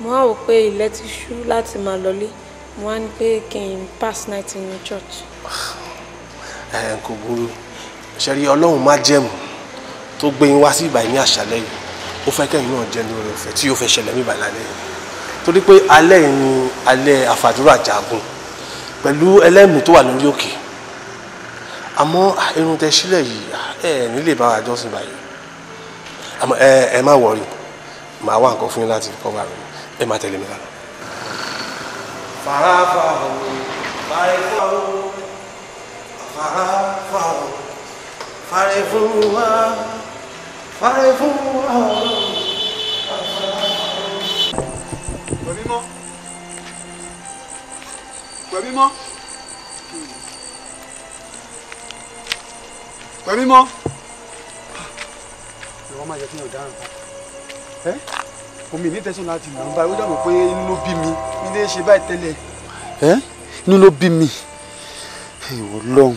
mo á wò pé ilẹ̀ ti ṣú láti máa lọlé mo á ní pé kí n pass night in church. ẹ ẹ kò burú ṣẹ́rí ọlọ́run má jẹ̀mú tó gbé yín wá sí ìbàyí ní àṣálẹ́ yìí ó fẹ́ kẹ́yìn náà jẹ́ ní oore ọ̀fẹ́ tí yóò fẹ́ ṣẹlẹ̀ ní ìbàyí lálẹ́ yìí torí pé alẹ́ yìí ni alẹ́ àfàdúrà jagun pẹ̀lú ẹlẹ́mìí tó wà lórí òkè àmọ́ irun tẹ sílẹ̀ yìí ẹ nílé ìbára jọ́sìn báyìí àmọ́ ẹ má wọrí màá wá nǹkan fún yín láti kọ́ bá ẹ máa tẹ̀lé mi lánàá. fàràfà o fàrẹ́fà o fàràfà o fàrẹ́fún wa fàrẹ́fún wa o. Ah, ìwọ máa jẹ́ kí n ò dáhùn pa omi ní tẹ̀sán láti nà ń báyìí ó dàbọ̀ pé inú ló bí mi ilé ṣe báyìí tẹ́lẹ̀. ẹ inú ló bí mi ìwọ lọ́hùn.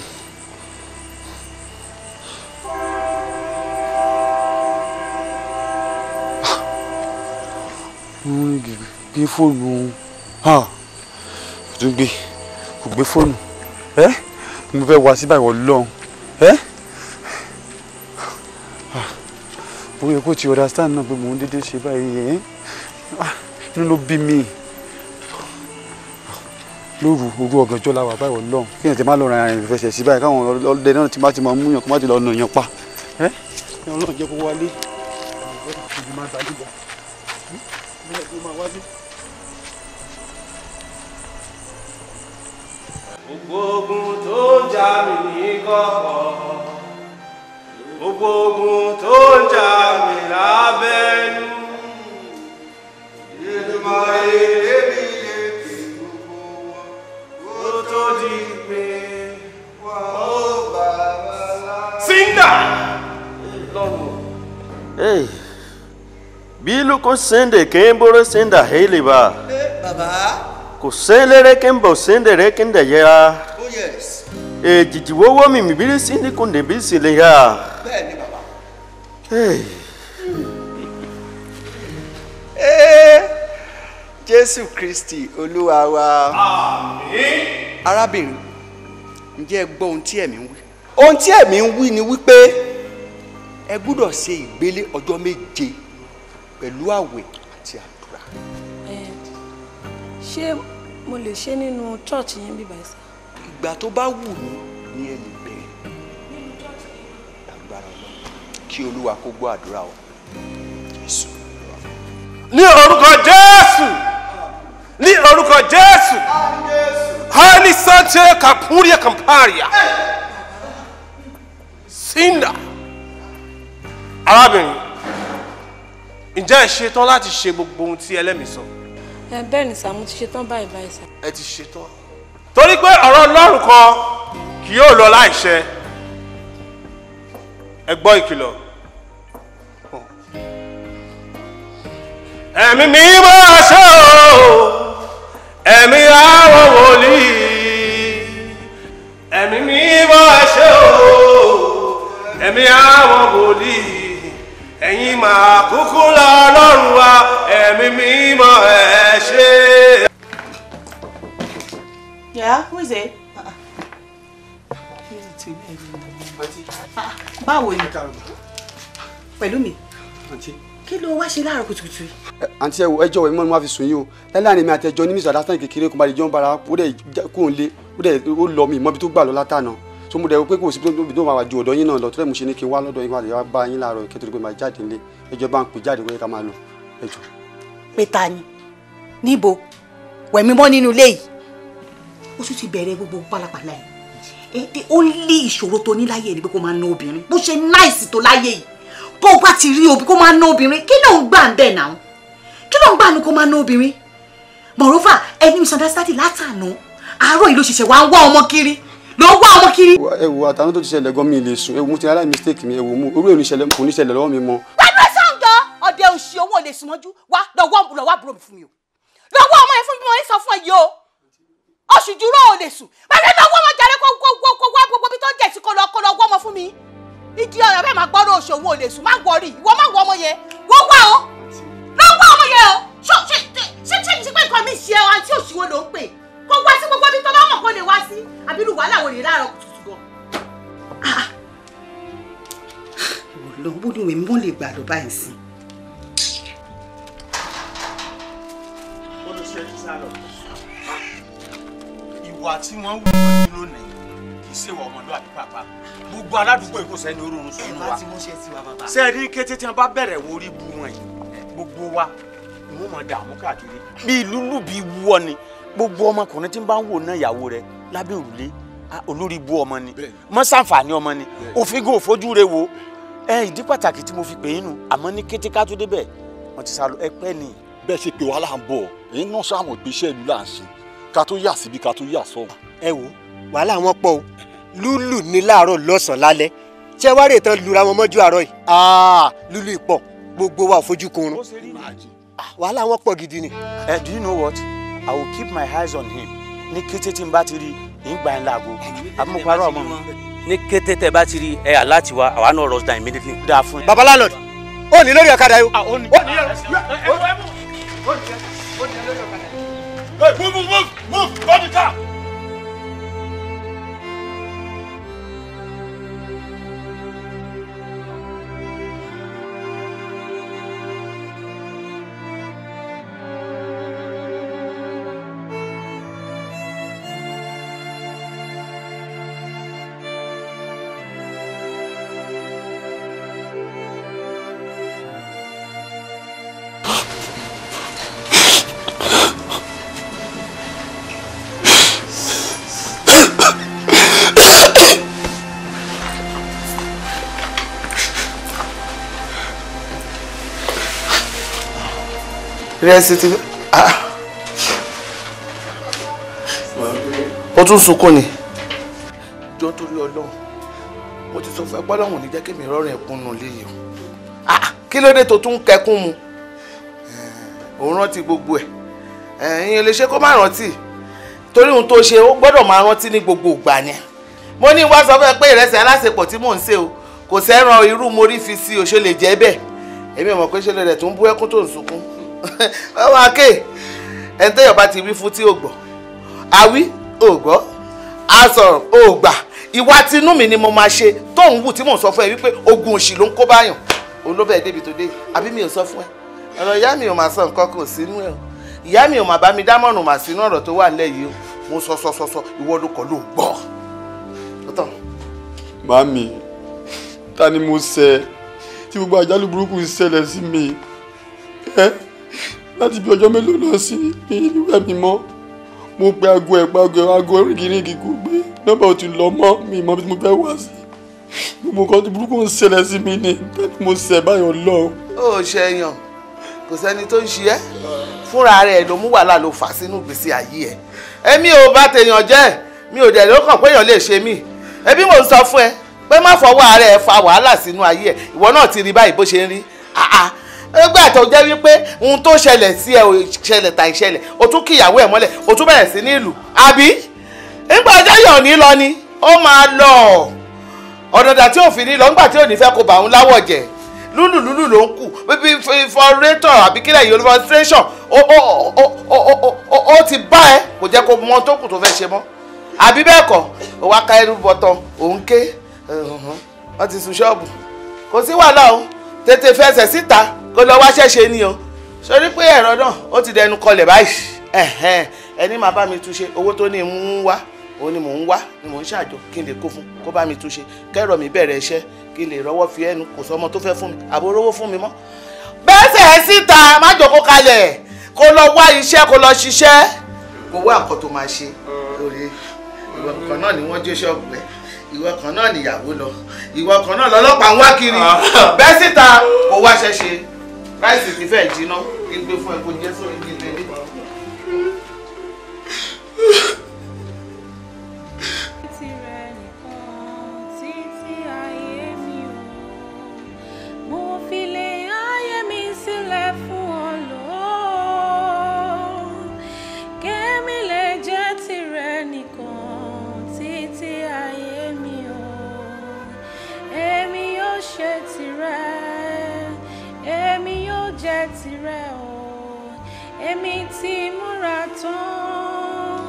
gbé fóònù hàn gbé kò gbé fóònù ẹ mo fẹ́ wá sí báyìí wọ lọ́hùn ẹ. ó yẹ kó ti understand náà pé mò ń dédé ṣe báyìí ẹ̀ eh? ah, inú ló bí mi lóru òru ọ̀gànjọ́ la wà báyìí ọlọ́run kí èèyàn ti má lọ ra ìrìn fẹsẹ̀ sí báyìí káwọn ọlọ́dẹ náà ti má ti máa mú yàn kó má ti lọ nà yàn pa ẹ́ ọlọ́run jẹ́ kó wálé ìdí máa dá níbọ̀ ìdílé tó máa wálé. gbogbo ogun tó jà mí ní kọ̀ọ̀kan gbogbo ogun tó ń jà mí lábẹ́nu. Èdùmàrè lébi lè pè gbogbo wọn kó tó di pé wọn ó bá wa lá. Sínda! Hey, bilu ko sende kemboro senda heliba. Hey, baba. Ko selere kembo sendere kenda ya. Oh yes. ejiji wọ́wọ́ mi mìbírí sí ní lè bẹ́ẹ̀ ni bàbá. Eh, jésù kristi olúwa wa. arábìnrin ǹjẹ́ ẹ ohun tí ẹ̀mí ń wí. ohun tí ẹ̀mí ń wí ni wípé ẹ gbúdọ̀ ṣe ìgbélé ọjọ́ méje pẹ̀lú àwẹ̀ àti àdúrà. Eh, mo lè ṣe nínú yẹn bí ìgbà tó bá wù mí ni ẹ lè bẹ̀rẹ̀ agbára ọlọ́run kí olúwa kó gbọ́ àdúrà wa jésù. ní orúkọ jésù ní orúkọ jésù hani sace kapuria kamparia sinda arábìnrin ǹjẹ́ ẹ ṣetán láti ṣe gbogbo ohun tí ẹlẹ́mìí sọ. ẹ bẹ́ẹ̀ ni sàmú ti ṣetán báyìí báyìí sà. ẹ ti ṣetán torí pé ọ̀rọ̀ ọlọ́run kan kì yóò lọ láìṣẹ ẹ gbọ́ ìkìlọ̀ ẹ̀mí mímọ́ aṣọ ẹ̀mí àwọn wòlíì ẹ̀mí mímọ́ aṣọ ẹ̀mí àwọn wòlíì ẹ̀yin màá kúkú lọ ọlọ́run wa ẹ̀mí mímọ́ ẹ̀ ṣe Yeah, who is it? Báwo ni? Pẹ̀lú mi. Kí ló wá ṣe láàárọ̀ kùtùkùtù yìí? Àǹtí ẹ̀wọ̀ ẹjọ́ ìmọ̀ ni wọ́n fi sùn yín o. Láláàrin mi àtẹjọ́ ní mísọ̀ látàn kékeré kò bá lè jọ́ ń bára ó dẹ̀ kó ń lé ó dẹ̀ ó lọ mi ìmọ̀bi tó gbà lọ látànà. Tó mo dẹ̀ pé kò sí pé tó máa wà ju ọ̀dọ̀ yín náà lọ tó dẹ̀ mo ṣe ní kí n wá lọ́dọ̀ yín wá bá yín láàárọ̀ kí torí pé máa jáde nílé ẹjọ́ bá ń pè jáde wẹ́ ká máa lọ ẹjọ́. Pétanì níbo wẹ̀mí mọ́ nínú ilé yìí ó sì ti bẹ̀rẹ̀ gbogbo pálapàla yìí èdè ó lé ìṣòro tó ní láyé ni pé kó máa ná obìnrin bó ṣe náìsì tó láyé yìí bó bá ti rí obì kó máa ná obìnrin kí ló ń gbà ń bẹ̀ náà kí ló ń gbà ní kó máa ná obìnrin moreover ẹni misunderstanding látànà àárọ̀ yìí ló ṣẹ̀ṣẹ̀ wá ń wá ọmọ kiri ló ń wá ọmọ kiri. ẹ àtàwọn tó ti ṣẹlẹ̀ gan mi lè sùn ewu ti aláì mistake mi ẹ mu orí ò ní kò ní ṣẹlẹ̀ lọ́wọ́ mi mọ́. pẹ̀lú ẹ̀sán ọ̀dọ́ òṣì owó lè sùn mọ́jú wá lọ́wọ́ àbúrò mi fún mi o lọ́wọ́ ọmọ yẹn fún mi mo ń sọ fún ẹ yìí o oṣù dúró ò lè sùn bàbá mi wọ́n mọ̀ jàre kó kó wá gbogbo bí tó ń jẹ̀sí kó lọ kó lọ wọ́n mọ fún mi igi ọ̀rọ̀ bẹ́ẹ̀ máa gbọ́dọ̀ oṣù òun ò lè sùn má wọrí ìwọ má wọ ọmọ yẹn wọ́n wá o lọ wá ọmọ yẹn o ṣé ṣé ṣé ṣé ṣe pé nǹkan mi ṣe ọ àti oṣù wo ló ń pè kó wá sí gbogbo bí tó bá mọ̀ kó lè wá sí àbínú wàhálà wò lè láàárọ̀ kùtùkù gan. Ah, ah. lọ bó ìwà tí wọ́n wù wọ́n ní lónìí kì í ṣe wọ ọmọlúwàbí pàpà gbogbo aládùúgbò èkó sẹ́ni orórun sùn wa sẹ́ni kété tí wọ́n bá bẹ̀rẹ̀ wo orí bu wọn yìí gbogbo wa ni wọ́n mọ̀ dààmú káàkiri. bí ìlú bí wọ ni gbogbo ọmọkùnrin tí ń bá ń wò náà ìyàwó rẹ lábẹ́ òrùlé olórí bu ọmọ ni mọ́sàǹfààní ọmọ ni òfin gò fojú rẹ wo ìdí pàtàkì tí mo fi pè é nu àmọ́ ní kété ká tó débẹ̀ wọ́n ti sá lọ ẹ pẹ́ ni. bẹ́ẹ̀ ṣe pé wàhálà ń bọ̀ inú sáàmù gbéṣẹ́ ìlú là ká tó yà síbi ká tó yà sọ́hùn. ẹ wo wàhálà wọn pọ̀ o lúlù ní láàárọ̀ lọ́sàn-án lálẹ́ ṣé rè tán lura wọn mọ́jú àárọ̀ yìí. lúlù ìpọ̀ gbogbo wa fojú kun wàhálà wọn pọ̀ gidi ni. ẹ do you know what i will keep my eyes on him ní kété tí n bá ti rí ìgbà ńlá àgbo àbí mo parọ́ ọmọ mi. ní kété tẹ bá ti rí ẹ aláàtì wa àwa náà rush down immediately. dáa fún yín. babalá lord ó ní lórí ọ̀kadà yìí. ó ní lórí ọ̀kadà yìí. Hey, move, move, move, move, the top. rẹ́sí ti ó ah. tún sunkún ni. jọ torí ọlọ́run mo ti sọ fún ẹ pé ọlọ́run ò ní jẹ́ kí mi rọrùn ẹkún nù léyìí o ah, kí ló dé tó tún kẹkún mu òun rántí gbogbo ẹ ìyẹn lè ṣe kó má rántí torí ohun tó ṣe ó gbọ́dọ̀ máa rántí ní gbogbo ìgbà ni mo ní wá sọ fún ẹ pé ìrẹsì aláṣepọ̀ tí mò ń ṣe o kò sẹ́ran irú mo rí fi sí o ṣe lè jẹ́ bẹ́ẹ̀ èmi ò mọ̀ pé ṣe lè rẹ̀ tó ń bú ẹkún tó ń sunkún ọmọ aké ẹni tẹ́yọ̀ bá ti wí fún tí ò gbọ́ àwí ò gbọ́ àsọ̀rọ̀ ò gbà ìwà tinú mi ni mo máa ṣe tóun wù tí mò ń sọ fún ẹ wípé ogun òṣì ló ń kó báyàn olóbẹ̀ ẹ̀ débi tó dé àbí mi ò sọ fún ẹ ọ̀rọ̀ ìyá mi ò máa sọ nǹkan kò sínú ẹ̀ o ìyá mi ò máa bá mi dámọ̀ràn mà sínú ọ̀rọ̀ tó wà nílẹ̀ yìí o mo sọ sọ sọ sọ ìwọ ló kọ̀ ló ń gbọ́. màmí ta ni mo ṣe tí gbogbo àjálù burúkú ń ṣẹlẹ̀ sí mi láti bí ọjọ́ mélòó lọ sí ìlú ẹ̀mí mọ́ mo pe aago ẹ̀ paago aago rígirígi kò gbé nọ́mbà ò ti lọ mọ́ mi mọ́ bí mo fẹ́ wá sí gbogbo nǹkan tó burúkú ń ṣẹlẹ̀ sí mi ni tẹ́lẹ̀ mo ṣẹ̀ báyọ̀ lọ. ó ṣẹyàn kò sẹ́ni tó ń ṣe ẹ́ fúnra rẹ̀ ló mú wàhálà ló fà sínú ìgbésí ayé ẹ̀ èmi ò bá tèèyàn jẹ́ mi ò dẹ̀ lókàn pé èèyàn lè ṣe mí ẹbí mo ń sọ fún ẹ pé má fọwọ́ ara ẹ fa wàhálà sínú ayé ẹ ìwọ náà ti rí báyìí bó ṣe ń rí nígbà tó jẹ́ wípé ohun tó ṣẹlẹ̀ sí ẹ ò ṣẹlẹ̀ tà ìṣẹlẹ̀ o tún kí ìyàwó ẹ mọ́lẹ̀ o tún bẹ̀rẹ̀ sí ní ìlú àbí nígbà ọjọ́ yàn ní lọ ni ó máa lọ ọ̀dọ̀dà tí òfin ní lọ nígbà tí ò ní fẹ́ kó bà ń láwọ̀ jẹ́ lúlù lúlù ló ń kù bíbí fọrétọ̀ àbí kílẹ̀ yìí olùfọ́sírẹ́sọ̀ ó ti bá ẹ kò jẹ́ kó mọ tó kù tó fẹ́ ṣe mọ́ àbí bẹ́ẹ̀ kọ́ ó ẹrú bọ̀tán òun ké wọ́n ti sun ṣọ́ọ̀bù kò sí wàhálà o tètè fẹsẹ̀ síta kó lọ wá ṣẹ̀ṣẹ̀ ni o sórí pé ẹ̀rọ náà ó ti dẹnu kọlẹ̀ báyìí ẹni máa bá mi túnṣe owó tó ní mú wá òun ni mò ń wá ni mò ń ṣàjọ kí n lè kó fún kó bá mi túnṣe kẹ́rọ̀ mi bẹ̀rẹ̀ iṣẹ́ kí n lè rówó fi ẹnu kò sọmọ tó fẹ́ fún mi àbórówó fún mi mọ́. bẹ́sẹ̀ síta má jókòó kalẹ̀ kó lọ wá iṣẹ́ kó lọ ṣiṣẹ́. owó àkọ́tò máa ṣe lórí ìwọ̀n kan náà ni wọ́n jó ṣọ́ọ̀bù ẹ̀ ìwọ kan náà nìyàwó lọ ìwọ kan náà lọ́lọ́pàá ń wá kiri bẹ́ẹ̀ síta kò wá ṣẹṣe ráìsì ti fẹ́ẹ̀ jiná kí n gbé fún ẹ kó jẹ́ sórí kí n lè ní. fi lè ayé mi sílẹ̀ fún. yóò ṣe tìrẹ èmi yóò jẹ tìrẹ o èmi ti múra tán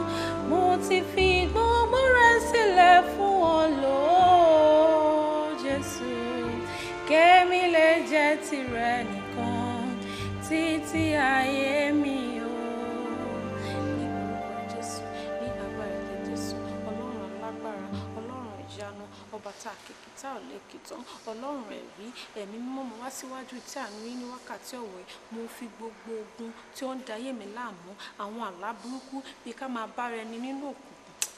mo ti fi gbogbo rẹ̀ sílẹ̀ fún ọ lò ó Jésù kémi lè jẹ tìrẹ nìkan títí ayé mi. ọba tá a kékeré tá ò lè kì tán ọlọ́run ẹ̀rí ẹ̀mí mímọ́ mo wá síwájú tí àánú yín ní wákàtí ọ̀wẹ́ mo fi gbogbo ogun tí ó ń dayé mi láàmú àwọn àlá burúkú bíi ká máa bára ẹni nínú òkú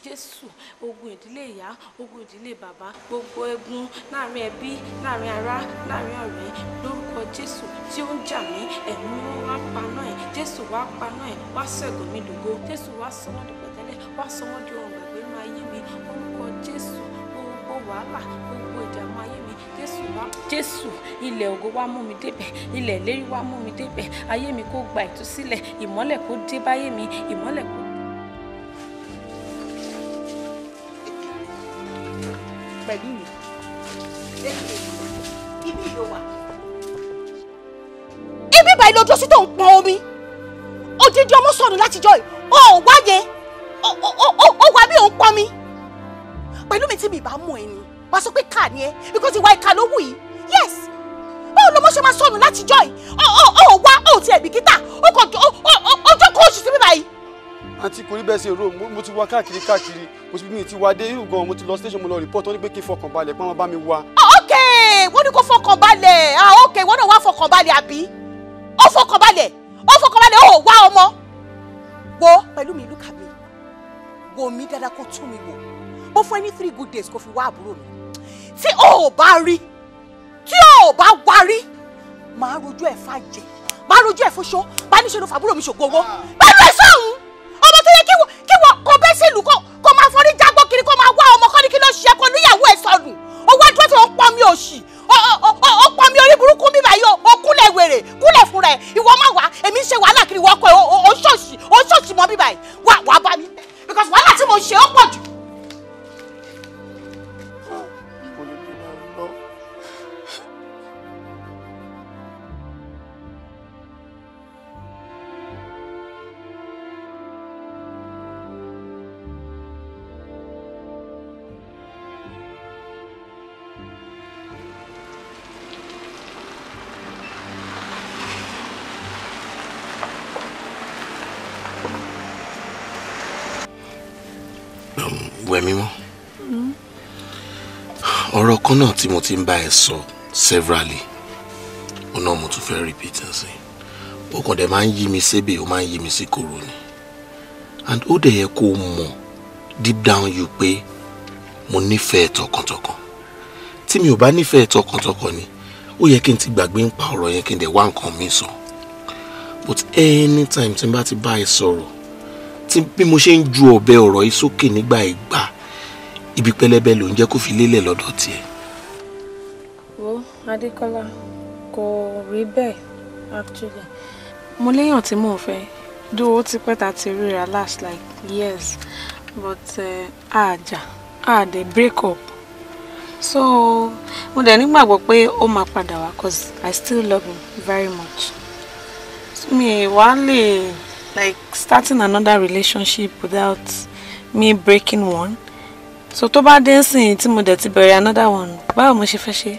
jésù ogun ìdílé ìyá ogun ìdílé bàbá gbogbo egun láàrin ẹbí láàrin ará láàrin ọ̀rẹ́ lórúkọ jésù tí ó ń jà mí ẹ̀mí wá paná ẹ̀ jésù wá paná ẹ̀ wá sẹ́gun mi dògo jésù wá sọ wọ́n di pẹ̀tẹ́lẹ̀ wá sọ wọ́n di ohun gbàgbé máa yí mi orúkọ jésù gbogbo wàhálà gbogbo ìdààmú ayé mi jésù wá. jésù ilẹ̀ ògo wá mú mi débẹ̀ ilẹ̀ ìlérí wá mú mi débẹ̀ ayé mi kó gba ìtúsílẹ̀ ìmọ́lẹ̀ kó dé báyé mi ìmọ́lẹ̀ kó. pẹ̀lú mi ibi ìlò wà. ibi báyìí lójú sí tó ń pọn omi odidi ọmọ sọnù látijọ́ yìí ó wáyé ó wá bí òun pọn mi pẹ̀lú mi tí mi bá mú ẹ ni wàá sọ pé ká ni ẹ because ìwà ìka ló wù yìí yes báwo ló mọ ṣe máa sọnù láti jọ yìí ọ ọ ọ wá ọ ti ẹ̀bì kíta ó kàn ọjọ́ kó oṣù sí mi báyìí. àǹtí kò rí bẹ́ẹ̀ ṣe rò mo ti wá káàkiri káàkiri mo ti mi ti wá dé irú gan-an mo ti lọ station mo lọ report wọn ní pé kí n fọkàn balẹ̀ pé wọ́n bá mi wá. Ah, ok wọ́n ní kó fọkàn balẹ̀ ah ok wọ́n náà wá fọkàn balẹ̀ àbí ó fọkàn balẹ̀ ó fọkàn balẹ̀ ó wá ọmọ wo pẹ̀lú mi look at me wò mí dáadáa kó tún mi wò ó fún ẹ ní three good days kó fi wá àbúrò mi tí o ò bá rí tí o ò bá wá rí màá rojú ẹ̀ fàjẹ́ màá rojú ẹ̀ fọṣọ bá níṣẹ́ ló fàbúrò mi ṣògo owó pẹ̀lú ẹ̀ sọ̀hún ọmọ tó yẹ kí wọ́n kọ bẹ́ẹ̀ sí ìlú kó máa forí jágbó kiri kó máa wá ọmọ kọ́ni kí ló ṣe kó níyàwó ẹ̀ sọnù owó ẹdúró tí wọ́n pọ̀ mi òṣì ó pọ̀ mi orí burúkú mi báyìí ó kúnlẹ̀ wèrè kúnlẹ̀ fúnra ẹ̀ ìwọ má wá èmi ń ṣe wàhálà kiri wọ́n kọ́ ẹ̀ ó ṣòṣì ó ṣòṣì mọ́ mi báyìí wà wá bá mi because wàhálà tí mo ṣe ó pọ̀ jù òun náà tí mo ti ń bá ẹ sọ severally òun náà mo tún fẹ́ repeat ẹ̀ sí ó kàn dẹ̀ máa ń yí mi sébè ó máa ń yí mi sí koro ni and ó dẹ̀ yẹ kó o mọ̀ deep down you pé mo nífẹ̀ẹ́ tọkàntọkàn tí mi ò bá nífẹ̀ẹ́ tọkàntọkàn ni ó yẹ kí n ti gbàgbé ń pa ọ̀rọ̀ yẹn kí n dẹ̀ wá nǹkan mi sọ but anytime tí n bá ti bá ẹ sọ̀rọ̀ tí bí mo ṣe ń ju ọ̀bẹ ọ̀rọ̀ yìí sókè nígbà ìgbà ibi pẹlẹbẹ ló ń jẹ́ kó fi lélẹ̀ lọ́dọ̀ tiẹ̀ Adékọ́lá kò rí bẹ́ẹ̀ actually mo léèyàn tí mò ń fẹ́ dó ó ti pẹ́ ta ti ríra last like years but àjà uh, àdè break up so mo dẹ̀ nígbàgbọ́ pé ó máa padà wá cause I still love him very much so, mi wá lè like starting another relationship without me breaking one so tó bá dé nsìn tí mo dẹ̀ ti bẹ̀rẹ̀ another one báwo mo ṣe fẹ́ ṣe.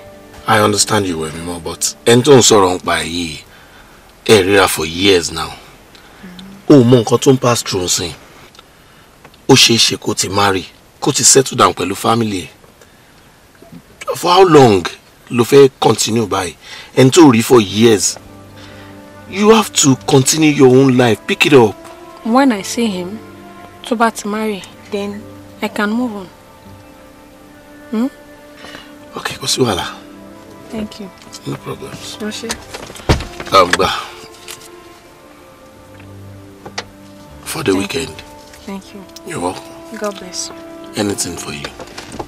I understand you were mímọ́ but ẹni tó ń by ń area for years now. Oh, mọ nǹkan tó pass through sí i. Ó she ṣe kó marry kó ti settle down pẹ̀lú family For how long ló fẹ́ continue by, Ẹni for years. You have to continue your own life. Pick it up. When I see him, tó bá ti marry, then I can move on. Hmm? Okay, kò sí wàhálà. Thank you. No problem. Rashid. Agba. Um, for the Thank weekend. You. Thank you. You're welcome. God bless you. Anything for you.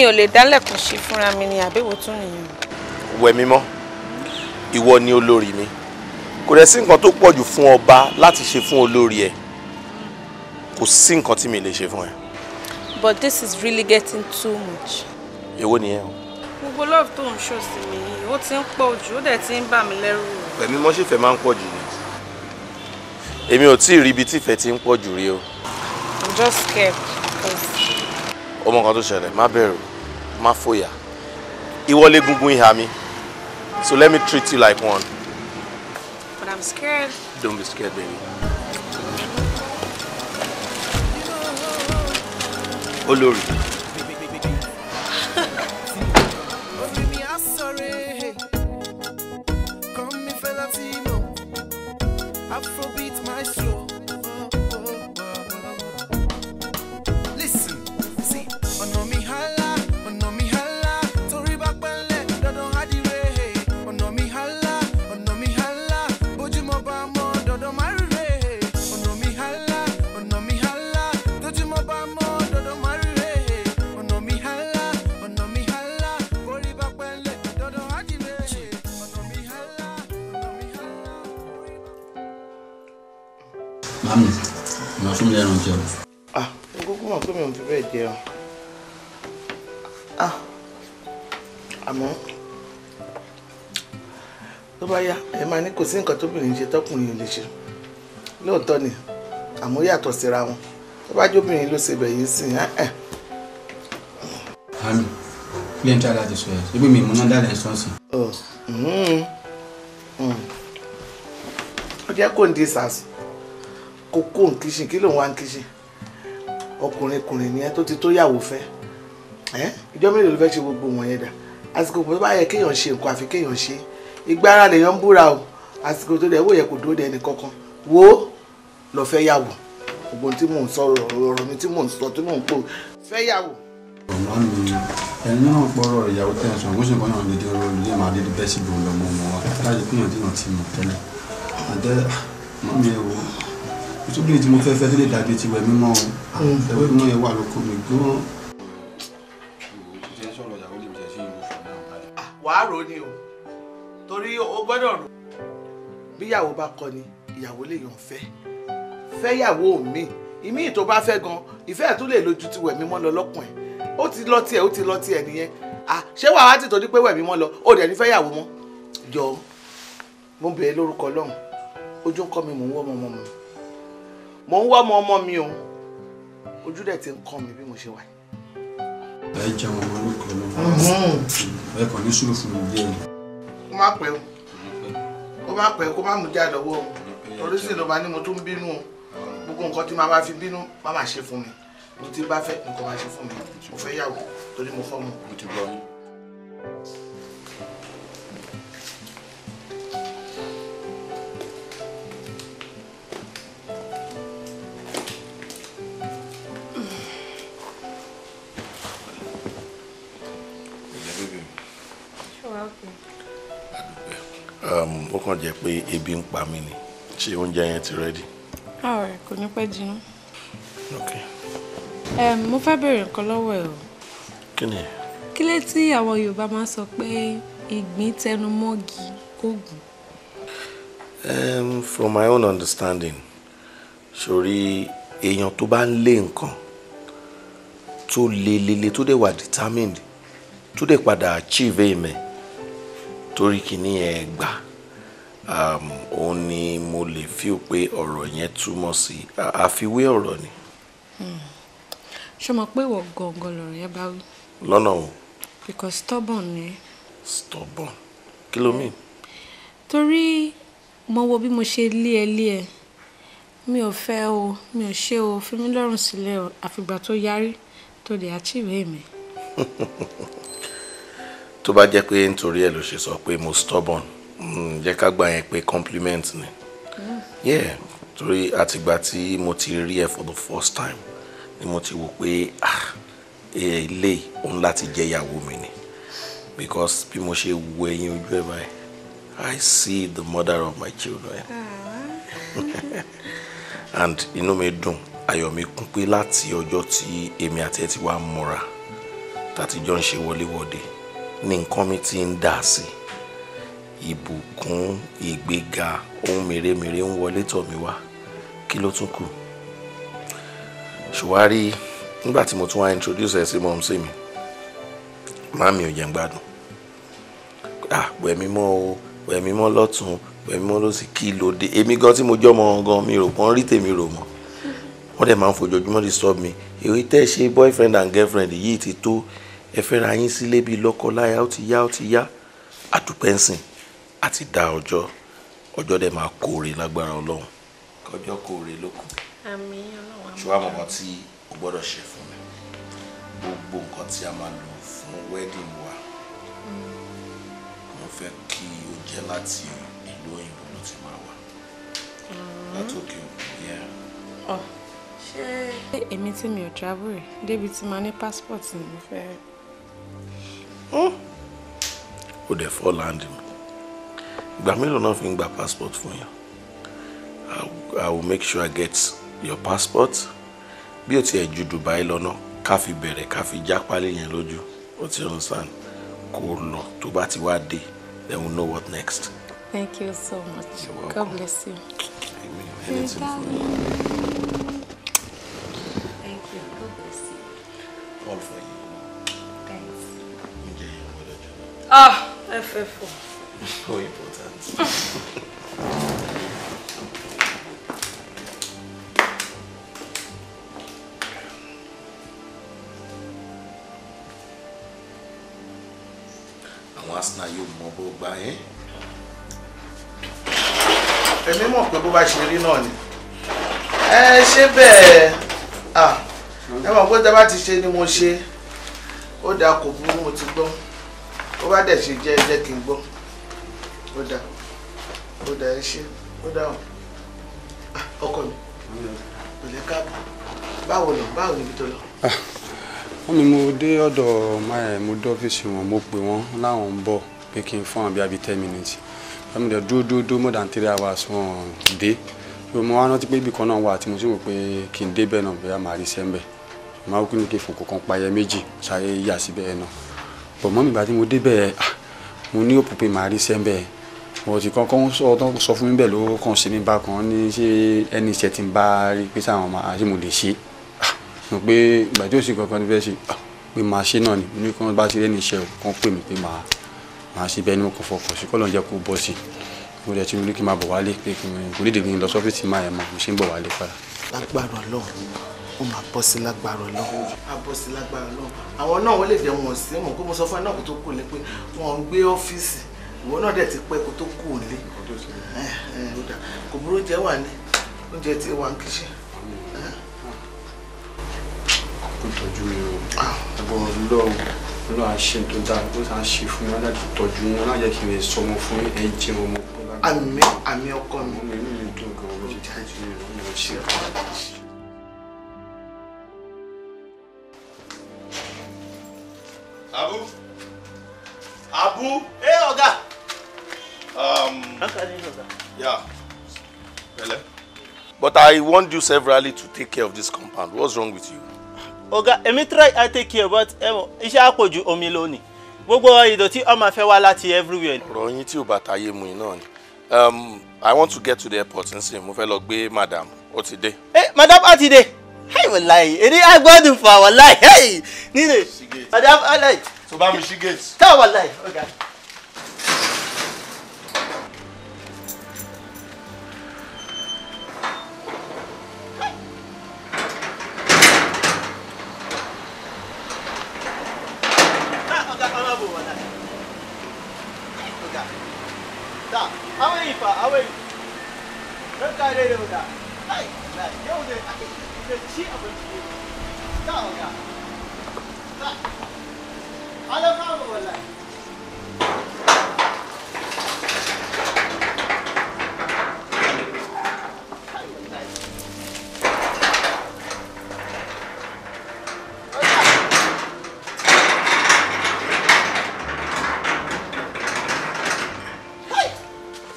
mi ò lè dálẹ̀kùn ṣe fúnra mi ni àbẹ̀wò tún nìyẹn. wẹ̀ mímọ́ ìwọ ni olórí mi kò dẹ̀ sí nǹkan tó pọ̀ jù fún ọba láti ṣe fún olórí ẹ̀ kò sí nǹkan mi lè ṣe fún ẹ. but this is really getting too much. èwo nìyẹn o. gbogbo love to ń ṣò sí mi yìí ó ti ń pọ̀ jù ó dẹ̀ ti ń bà mí lẹ́rù. pẹ̀mí mọ́ṣífẹ́ máa ń pọ̀ jù ni èmi ò tí ì rí ibi tífẹ̀ẹ́ ti ń pọ̀ jù o. i'm just scared ọmọ nǹkan tó ṣẹlẹ̀ má bẹ̀rù má fòyà ìwọlé gungun ìhà mi so let me treat you like one. but i'm scared. don't be scared baby. olórí. Oh, mami màá fún mi lẹ́ran jẹ ah mo kúkú mọ̀ pé mi ò fi bẹ́ẹ̀ jẹ ah àmọ́ tó bá yá ẹ máa ní kò sí nǹkan tóbìnrin ṣe tọkùnrin ò lè ṣe lóòótọ́ ni àmọ́ yàtọ̀ síra wọn tó bá jóbìnrin ló ṣe bẹ̀yìn sí i ẹ̀. mami ilé ń tí aláàtì sọ yẹ ṣébí mi ìmúná dálẹ̀ ń sí. Oh, hmm, hmm. ó jẹ́ kó ń di sàásù kókó nkíṣin kí lòun wá nkíṣin ọkùnrin kùnrin nìyẹn tó ti tó yàwó fẹ́ ìjọ mélòó ló fẹ́ ṣe gbogbo wọn yẹn dà àsìkò pé báyẹ kéèyàn ṣe nǹkan àfi kéèyàn ṣe ìgbà ara lèèyàn ń búra o àsìkò tó dẹ̀ wò yẹ kò dúró de ẹnì kankan wo lọ fẹ́ yàwó gbogbo tí mò ń sọ ọ̀rọ̀ mi tí mò ń sọ tí mò ń pò fẹ́ yàwó. ọ̀la mi ẹni náà pọ̀rọ̀ ìyàwó tẹ̀ sùn àgọ́sẹ̀ kan yàn dédé ọ̀rọ̀ ìdílé máa dédé bẹ́ẹ̀ sí gbòǹgbò ọmọ wa láti pínyàn dínà tì mọ̀ tẹ́lẹ̀ àdẹ́ mọ́mi ẹ̀ wò ìtúbìlì tí mo fẹ́ fẹ́ tó lè dàbí ti wẹ̀ mímọ́ o mm. ah, ẹ̀wẹ̀ mímọ́ yẹn wà lóko mi gan. wàá rò ni o torí o gbọ́dọ̀ rò bíyàwó bá kọ ni ìyàwó lèèyàn fẹ́ fẹ́yàwó mi ìmí tó bá fẹ́ gan ìfẹ́ ẹ̀ tó lè lójú ti wẹ̀ mímọ́ lọ lọ́kùn ẹ̀ ó ti lọ tiẹ̀ ó ti lọ tiẹ̀ nìyẹn ṣé wàá wá ti tó ní pé wẹ̀ mímọ́ lọ ó dẹ̀ ní fẹ́yàwó mọ́ jọ mo bẹ̀ẹ́ lórúkọ Ọlọ́run ojú ń kọ́ mi mò ń wọ́ ọmọ ọmọ mi mò ń wá ọmọ ọmọ mi o ojú rẹ̀ ti ń kàn mí bí mo ṣe wà. ẹ jẹun ọmọ orúkọ lọ mm-hmm. ẹ kàn ní sùúrù fún mi díẹ̀. kó má pẹ́ o kó má pẹ́ kó má mú jáde lọ́wọ́ o torí sì ló máa ní mo tún bínú o gbogbo nǹkan tí màá bá fi bínú má má ṣe fún mi mo ti bá fẹ́ nǹkan má ṣe fún mi mo fẹ́ yàwó torí mo fọ́ mu. mo ti gbọ́ yín. Ah, um, ó kàn jẹ́ pé ebi ń pa mí ni ṣé oúnjẹ yẹn ti rẹ́dì. ọ̀rẹ́ ah, kò ní pẹ́ jinú. Um, mo fẹ́ bèèrè nǹkan lọ́wọ́ ẹ o. kí ni. kí lé tí àwọn Yorùbá máa sọ pé ìgbín tẹnu mọ́gi kò gùn. Um, from my own understanding sórí èèyàn tó bá ń lé nǹkan tó lelele tó dẹ̀ wà determined tó dẹ̀ padà achieve amen torí kìíní ẹ gbà um, òun ni mo lè fi ó pé ọ̀rọ̀ yẹn túmọ̀ sí àfiwé ọ̀rọ̀ ni. Hmm. ṣé o mọ̀ pé ìwọ gangan lọ̀rọ̀ yẹn bá wí. lọ́nà o. because stubborn ni. stubborn kí ló mean. torí mo wo bí mo ṣe lé ẹ lé ẹ mi ò fẹ́ o mi ò ṣe o fi mí lọ́rùn sílẹ̀ o àfìgbà tó yarí tó lè achieve mi. tó bá jẹ́ pé nítorí ẹ̀ ló ṣe sọ pé mo stubborn mm, jẹ́ ká gbà yẹn pé compliment ni yeah torí àtìgbà tí mo ti rí ẹ for the first time ni mo ti wò pé ah ilé òun láti jẹ́ ìyàwó mi ni because bí mo ṣe wo ẹyin ojú ẹ báyìí I see the mother of my children and inú mi dùn ayọ̀ mi kún pé láti ọjọ́ tí èmi àti ẹ ti wá mọ́ra tàtijọ́ ń ṣe wọléwọ̀de. Wọlé ní nǹkan mi ti ń dà sí ìbùkún ìgbéga ohun mèremère ń wọlé tọ̀ mí wá kí ló tún kù ṣùwárí nígbà tí mo tún wá introduce ẹ sí mọ́mùsí mi màá mi ò jẹun gbádùn ah wẹ̀ mí mọ́ o wẹ̀ mí mọ́ lọ́tún wẹ̀ mí mọ́ lọ́sì kí ló dé èmi gan tí mo jọ́ mọ́ gan mi rò pọ́n rí tèmi rò mọ́ wọ́n dẹ̀ máa ń fojoojúmọ́ disturb mi èyí tẹ́ ṣe boyfriend and girlfriend yìí ti tó ẹ fẹ́ra yín sílé bíi lọ́kọ-láya ó ti yá ó ti yá àdúpẹ́ǹsìn àti dá ọjọ́ ọjọ́ dẹ̀ máa kóore lágbára ọlọ́run kọjọ́ kóore lókun ṣùgbọ́n àwọn kan tí o gbọ́dọ̀ ṣe fún mi gbogbo nǹkan tí a máa lò fún wedding wa mo fẹ́ kí o jẹ́ láti ìlú òyìnbó ló ti máa wà látòkè òkun yẹn. ṣé èmi tí mi ò travel rí débi tí màá ní passport ni mo fẹ́ rí. Hmm? ó dẹ̀ fọ́ láǹdì mi ìgbà mélòó náà fi ń gba passport fún yàn i will make sure i get your passport bí o tiẹ̀ ju Dubai lọ náà ká fi bẹ̀rẹ̀ ká fi já pálí yẹn lójú o ti understand kó lọ To ba ti wa dé then we know what next. thank you so much god bless you. Amen. Anything for you. Ah, FFO. How important. àwọn asina yóò mọ bó gbá yẹn. èmi mọ̀ pé bó bá ṣe rí náà ni ẹ ṣe bẹ́ẹ̀ ah, ẹ mọ̀ pé tẹ́ bá ti ṣe ni mo ṣe ó dáa kò burú mo ti gbọ́ ó bá dẹ̀ ṣe jẹ́ jẹ́ kí n gbọ́ ó dà ó dà ẹ ṣe ó dà ọ ah, ọkọ mi pẹ̀lẹ́ káàbọ̀ báwo lọ báwo níbi tó lọ. wọ́n ah, ní mo dé ọ̀dọ̀ mo dé ọ́fíìsì wọn mo pè wọ́n láwọn ń bọ̀ pé kí n fún àbí àbí ten minutes ẹ̀mí dẹ̀ dúró dúró dúró more than three hours wọn dé yóò mọ aná tí pé ibì kan náà wà tí mo sì rò pé kí n débẹ̀ náà bẹ́ẹ̀ máa rí sẹ́ńbẹ̀ màá kú ní kí n fò kọ̀ọ̀kan payẹ méjì sáré yà síbẹ̀ náà bọ̀ mọ́mì ìgbà tí mo débẹ̀ ah, mo ní òpópé màá rí sẹ́ńbẹ̀ mo ti kọ́kọ́ ń sọ tó ń sọ fún mi bẹ́ẹ̀ ló kàn sí mi bákan ní ṣé ẹni iṣẹ́ ti ń bá rí pé sáwọn máa ṣe mo lè ṣe ah, mo pé ìgbà tí ó sì kankan fẹ́ ṣe ah, pé máa ṣe náà ni mo ní kí wọ́n bá ṣe ẹni iṣẹ́ kan pè mí pé màá ṣe bẹ́ẹ̀ ni mo kàn fọkàn sí kọ́lọ́n jẹ́ kó bọ́ sí mo lè ti rí kí n máa bọ̀ wálé pé kò ní ó máa bọ́ sí lágbára ọlọ́run a bọ́ sí lágbára ọlọ́run àwọn náà wọ́n lè jẹ́ wọn sí mọ̀ kó mo sọ fún ẹ náà kó tó kù ní pé wọ́n ń gbé ọ́fíìsì ìwọ náà dẹ̀ ti pẹ́ kó tó kù nílé kò burú jẹ́ wà ní oúnjẹ tí wà ń kíṣe. kò tọ́jú mi o ẹ̀gbọ́n ọlọ́run ọlọ́run àṣẹ tó dáa ó sàn ṣe fún mi láti tọ́jú mi láti jẹ́ kí n sọmọ fún ẹ ọmọ. àmì ọkọ mi. ọmọ mi ò ní ìdúró gan-an mo ti jáde nínú ìṣẹ́. Abu. Hey, Oga. Um. Yeah. Pẹ̀lẹ́. But I want you severally to take care of this compound. What's wrong with you? Oga, èmi try I take care but eh, iṣẹ́ àpọ̀jù omi ló ni. Gbogbo ìdọ̀tí ó máa fẹ́ wá láti everywhere. Ọ̀rọ̀ yín tí ò bá tayé mu iná ni. Um, I want to get to the airport nsìn, mo fẹ́ lọ gbé madam, ó ti dé. Ẹ eh, madam á ti dé. Ẹ wò láyé, èdè àgbọ̀dùn fà wà láyé. Nílé, madam á láyé. tó bá mi ṣí gate. tá a wà láì ọ̀gá. Hey, man, yo, the, I can, the cheat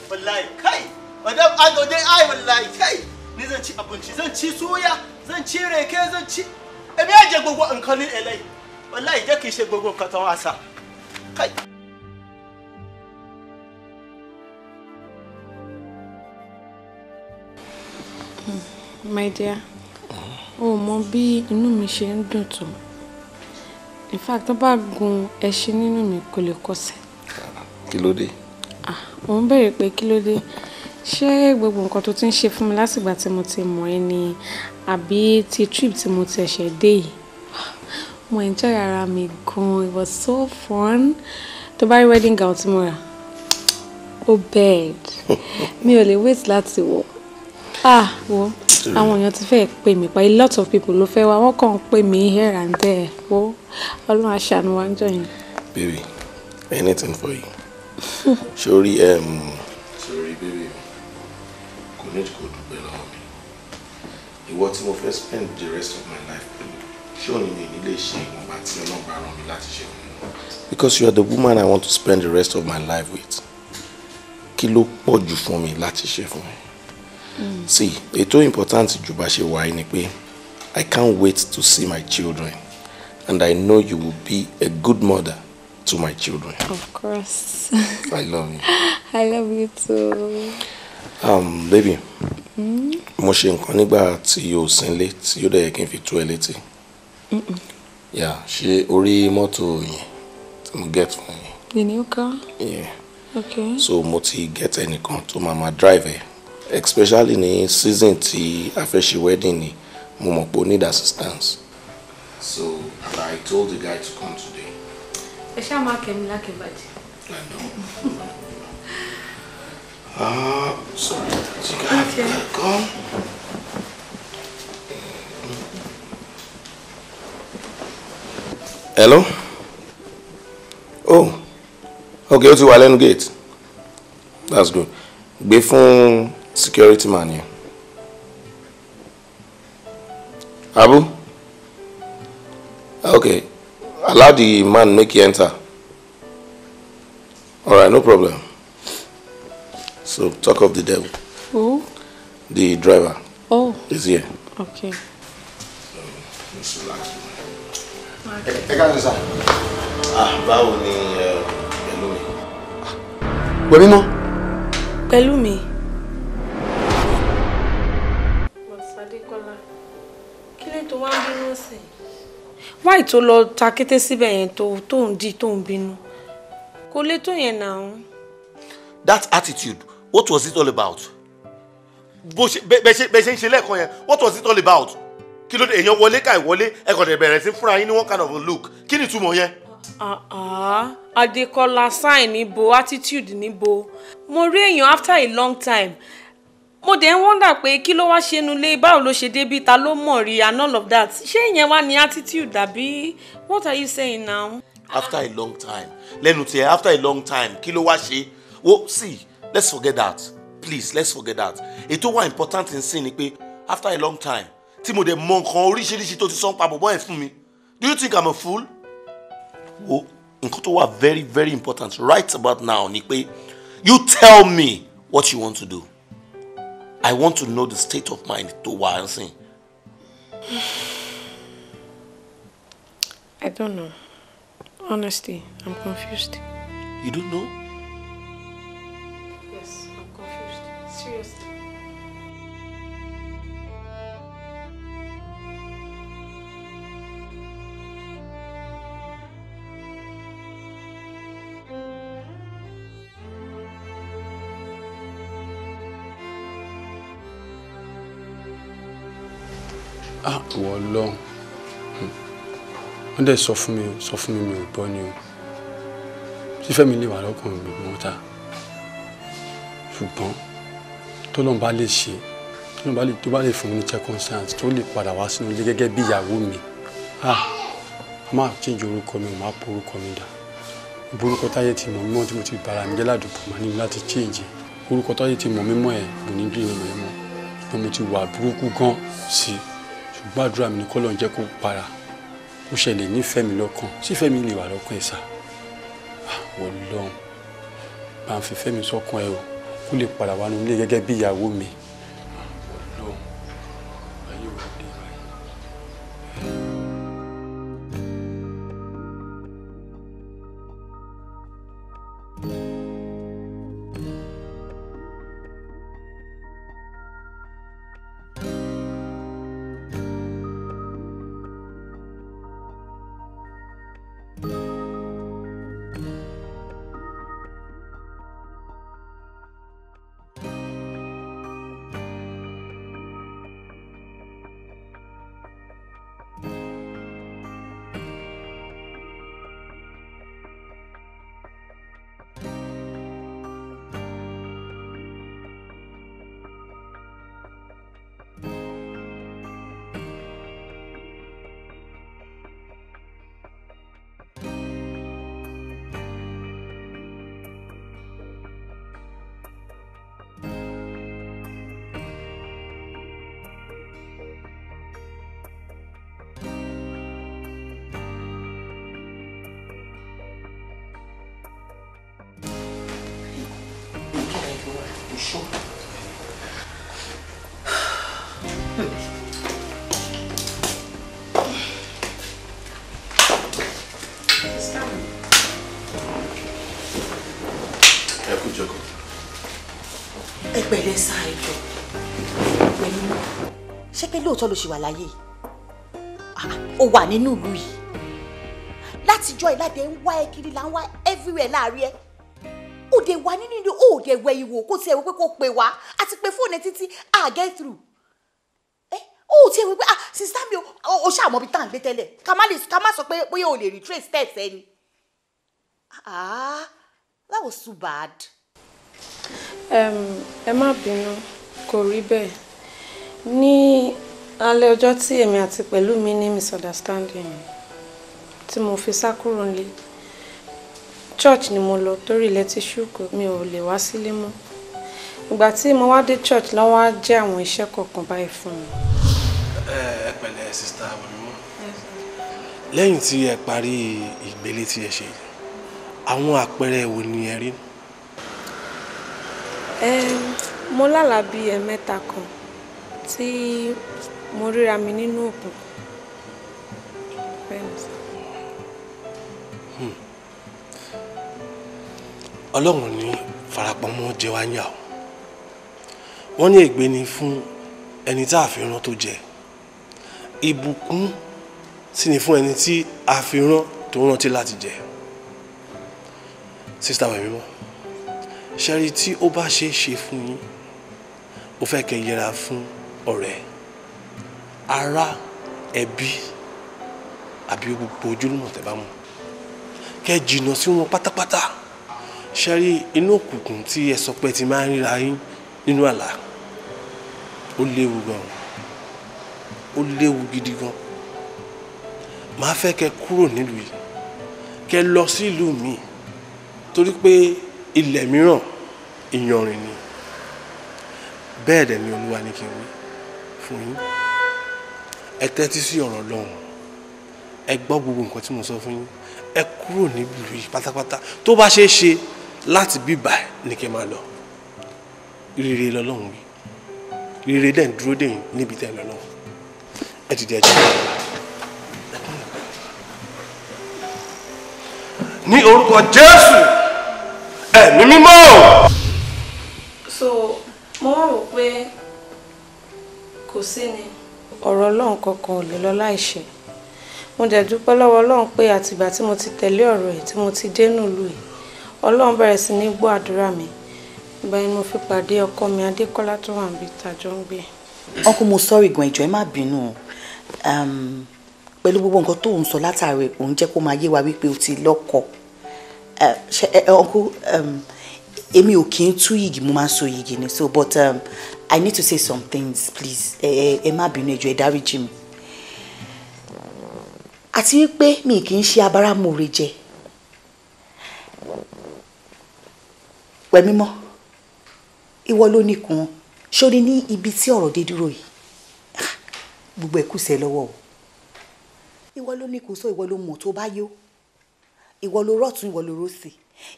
wallahi kai madam ado dai ai wallahi kai ni zan ci abinci zan ci suya zan ci reke zan ci ebe eh, je gogo in elai ọláyìí jẹ́ kí n ṣe gbogbo nǹkan tó wá sà. my dear o mọ bí inú mi ṣe ń dùn tó in fact tó bá gun ẹṣin nínú mi kò lè kọsẹ̀. kí ló dé. Ah, mo ń béèrè pé kí ló dé ṣé gbogbo nǹkan tó ti ń ṣe fún mi látìgbà tí mo ti mọ̀ ẹ́ ni àbí ti trip tí mo ti ẹ̀ṣẹ̀ dé yìí mo enjoy ara mi gan it was so fun to buy wedding gown tí Oh, rà ó bẹ́ẹ̀d mi ò lè wait láti wọ̀ ah wo àwọn èèyàn ti fẹ́ẹ́ pè mí pa a lot of people ló fẹ́ wá wọ́n kàn ń pè mí here and there wo ọlọ́run aṣàánú wa ń jọ yẹn. baby anything for you sori sori baby kò ní kò dúpẹ́ lọ́wọ́ mi ìwọ tí mo fẹ́ spend the rest of my because you are the woman I want to spend the rest of my life with Kilo poju for me, fún mi láti ṣe fún ẹ. Hmm. see ètò important jù bá ṣe wà ni pé I can't wait to see my children and I know you will be a good mother to my children. Of course. I love you. I love you too. Um, baby, hmm? mo ṣe nǹkan nígbà tí yóò sínlé tí yóò dẹ̀ yẹ kí fi tú ẹ létí yeah ṣe orí mọ́tò yẹn tí mo get fún yẹn. the new car. yeah. okay. so mo ti get ẹnìkan tó máa ma drive ẹ especially ní season tí a fẹ́ ṣe wedding ni mo mọ̀ pé o need assistance. so I told the guy to come today. ẹ ṣáà máa kẹ́mi lákẹ́bàjẹ́. I know. Ah, sorry. So you gotta okay. come. hello oh okay ó ti wà gate that's good gbé fún security man yẹn abu okay allow the man make you enter alright no problem so talk of the devil who the driver oh is here okay so, ẹ ká sọsà. Ah, báwo ni eh, pẹ̀lú mi. pẹ̀lú mọ́. pẹ̀lú mi. Adékọ́lá kí lè tó wá ń bínú sí i. wáì tó lọ ta kété síbẹ̀ yẹn tó tó ń di tó ń bínú kò lè tó yẹn náà. that attitude what was it all about bó ṣe bẹ ṣe ń ṣe lẹ́ẹ̀kan yẹn what was it all about kí ló dé èèyàn wọlé káì wọlé ẹ kàn dé bẹ̀rẹ̀ sí fúnra yín ní one kind of a look kí ni ìtumọ̀ yẹn. Uh-uh. Adékọ́lá sign níbo attitude níbo mo rí èèyàn after a long time mo dẹ̀ ń wọ́ndà pé kí ló wá ṣe nulẹ̀ báwo ló ṣe débi ta ló mọ̀ rí and all of that ṣé ìyẹn wá ní attitude àbí what are you saying now. after a long time lẹ́nu tiẹ̀ after a long time kí ló wá ṣe wo see let's forget that please let's forget that ètò wa important n sin ni pé after a long time tí mo dẹ̀ mọ nǹkan oríṣiríṣi tó ti sọ pa bọ̀bọ̀ ẹ̀ fún mi do you think i'm a fool? wo nǹkan tó wà very very important right about now ni pé you tell me what you want to do i want to know the state of mind tó wà á sìn. i don't know honestly i'm confused. you don't know? ah ìwọ Ọlọ́run wọ́n dẹ̀ sọ fún mi sọ fún mi mi ò gbọ́ ni o sífẹ́ mi lè wà lọ́kàn mi mọ́ ta ṣùgbọ́n tó lọ́n bá lè ṣe tó bá lè tó bá lè fún mi ní circumstance tó lè padà wá sínú ilé gẹ́gẹ́ bí ìyàwó mi ah má change orúkọ mi ò má po orúkọ mi dà orúkọ táyé ti mọ̀ mímọ́ tí mo ti bára mi jẹ́ ládùúgbò máa ní láti change e. orúkọ táyé ti mọ̀ mímọ́ ẹ̀ kò ní dùn ìrìn mọ́ ẹ̀ mọ́ ṣùgbọ́n mo ti wà burúkú gan sí i ṣùgbọ́n àdúrà mi ni kọ́ lọ́n jẹ́ kó para kó ṣẹlẹ̀ nífẹ̀ẹ́ mi lọ́kàn sífẹ̀ẹ́ mi lè wà lọ́kàn ẹ̀ sà wọ́n ah, lọ́n bá ń fẹ́fẹ́ mi sọ́kàn ẹ o kó lè padà wá nílé gẹ́gẹ́ bí ìyàwó mi. ẹ̀bẹ̀ sá ẹ̀jọ̀ pẹ̀lú ṣé pé lóòótọ́ ló ṣì wà láyé ó wà nínú ìlú yìí látijọ́ ẹ̀ láti ẹ̀ ń wá ẹ kiri là ń wá everywhere láàárín ẹ̀ ó dé wá nínú ìlú ó dé wẹ ìwò kó tiẹ̀ wípé kó pè wá àti pé fóònù ẹ títí à get through ẹ ó tiẹ̀ wípé ah sista mi ò ṣàmọ́ bí tá à ń gbé tẹ́lẹ̀ ká má sọ pé bóyá o lè retrace test ẹni ah that was too bad ẹ má bínú kò rí bẹ́ẹ̀ ní alẹ́ ọjọ́ tí èmi àti Pẹ̀lúmi ní misunderstanding tí mo fi sá kúrò nílé church ni mo lọ torí ilẹ̀ ti ṣú mi ò lè wá sílé mọ́ ìgbà tí mo wá dé church ló wá jẹ́ àwọn iṣẹ́ kọ̀ọ̀kan báyìí fún mi. ẹ ẹ pẹ̀lẹ́ sista abọmọ lẹ́yìn tí ẹ parí ìgbélé tí ẹ ṣe àwọn àpẹẹrẹ wo ni ẹ rí um mo lálàá bíi ẹ̀ẹ̀mẹ́ta kan tí mo ríra mi nínú òkùnkùn. Hmm. ọlọ́run ní farapamọ́ jẹ wá yàn ọ́ wọ́n ní ègbé ni fún ẹni tá a fi rán tó jẹ ìbùkún sì ni fún ẹni tí a fi rán tó rántí láti jẹ sísítà mẹ́mí mọ́ ṣẹ́rí tí ó bá ṣe é ṣe fún yín ó fẹ́ kẹ́ yẹra fún ọ̀rẹ́ ará ẹbí àbí gbogbo ojúlùmọ̀ tẹ́ bá mọ̀ kẹ́ jìnnà sí wọn pátápátá ṣẹ́rí inú òkùnkùn tí ẹ sọ pé ti máa ń ríra yín nínú àlá ó léwu gan ó léwu gidi gan màá fẹ́ kẹ́ kúrò nílùú yìí kẹ́ lọ sí ìlú mi torí pé ilẹ̀ mìíràn ìyanrìn ni bẹ́ẹ̀ dẹ̀ ni olúwa ní kí n wí fún yín ẹ tẹ́tí sí ọ̀rọ̀ lọ́hùn ẹ gbọ́ gbogbo nǹkan tí mo sọ fún yín ẹ kúrò nílùú yìí pátápátá tó bá ṣeé ṣe láti bíbà ní kí n máa lọ rere lọ́lọ́hùn wí rere dẹ̀ ń dúró dè níbi tẹ́ lọ́lọ́hùn ẹ dìde ẹjọ́ ní orúkọ Jésù ẹ̀mí mímọ́. so mo wọ́n rò pé kò sí ni. ọ̀rọ̀ ọlọ́run kankan ò lè lọ láìṣẹ mo dẹ̀ dúpẹ́ lọ́wọ́ ọlọ́run pé àtìgbà tí mo ti tẹ̀lé ọ̀rọ̀ ẹ̀ tí mo ti dé nílùú ẹ̀ ọlọ́run bẹ̀rẹ̀ sí ní gbọ́ àdúrà mi ìgbà yẹn mo fi pàdé ọkọ mi adékọ́lá tó wà níbi tàjọ ń gbé. uncle mo sorry gan ìjọ ẹ má bínú pẹ̀lú gbogbo nǹkan tó ń sọ látàrí òun jẹ́ kó máa yé wa wípé o ti lọ́kọ̀ọ́ Eh, eh, eh, uncle um, èmi ò kí ń tú yìgì mo máa so yìgì ni so but um, I need to say some things please ẹ má bínú ẹ jọ̀ọ́ ẹ dáríjì mi àti wípé mi kì í ṣe abáramòore jẹ wẹ̀mímọ́ ìwọ ló nìkun sórí ní ibi tí ọ̀rọ̀ dé dúró yìí ah, gbogbo ẹ̀kú sẹ́ lọ́wọ́ o ìwọ ló nìkun sọ ìwọ ló mọ̀ tó bá yó ìwọ ló rọ̀tún ìwọ ló rọ̀sì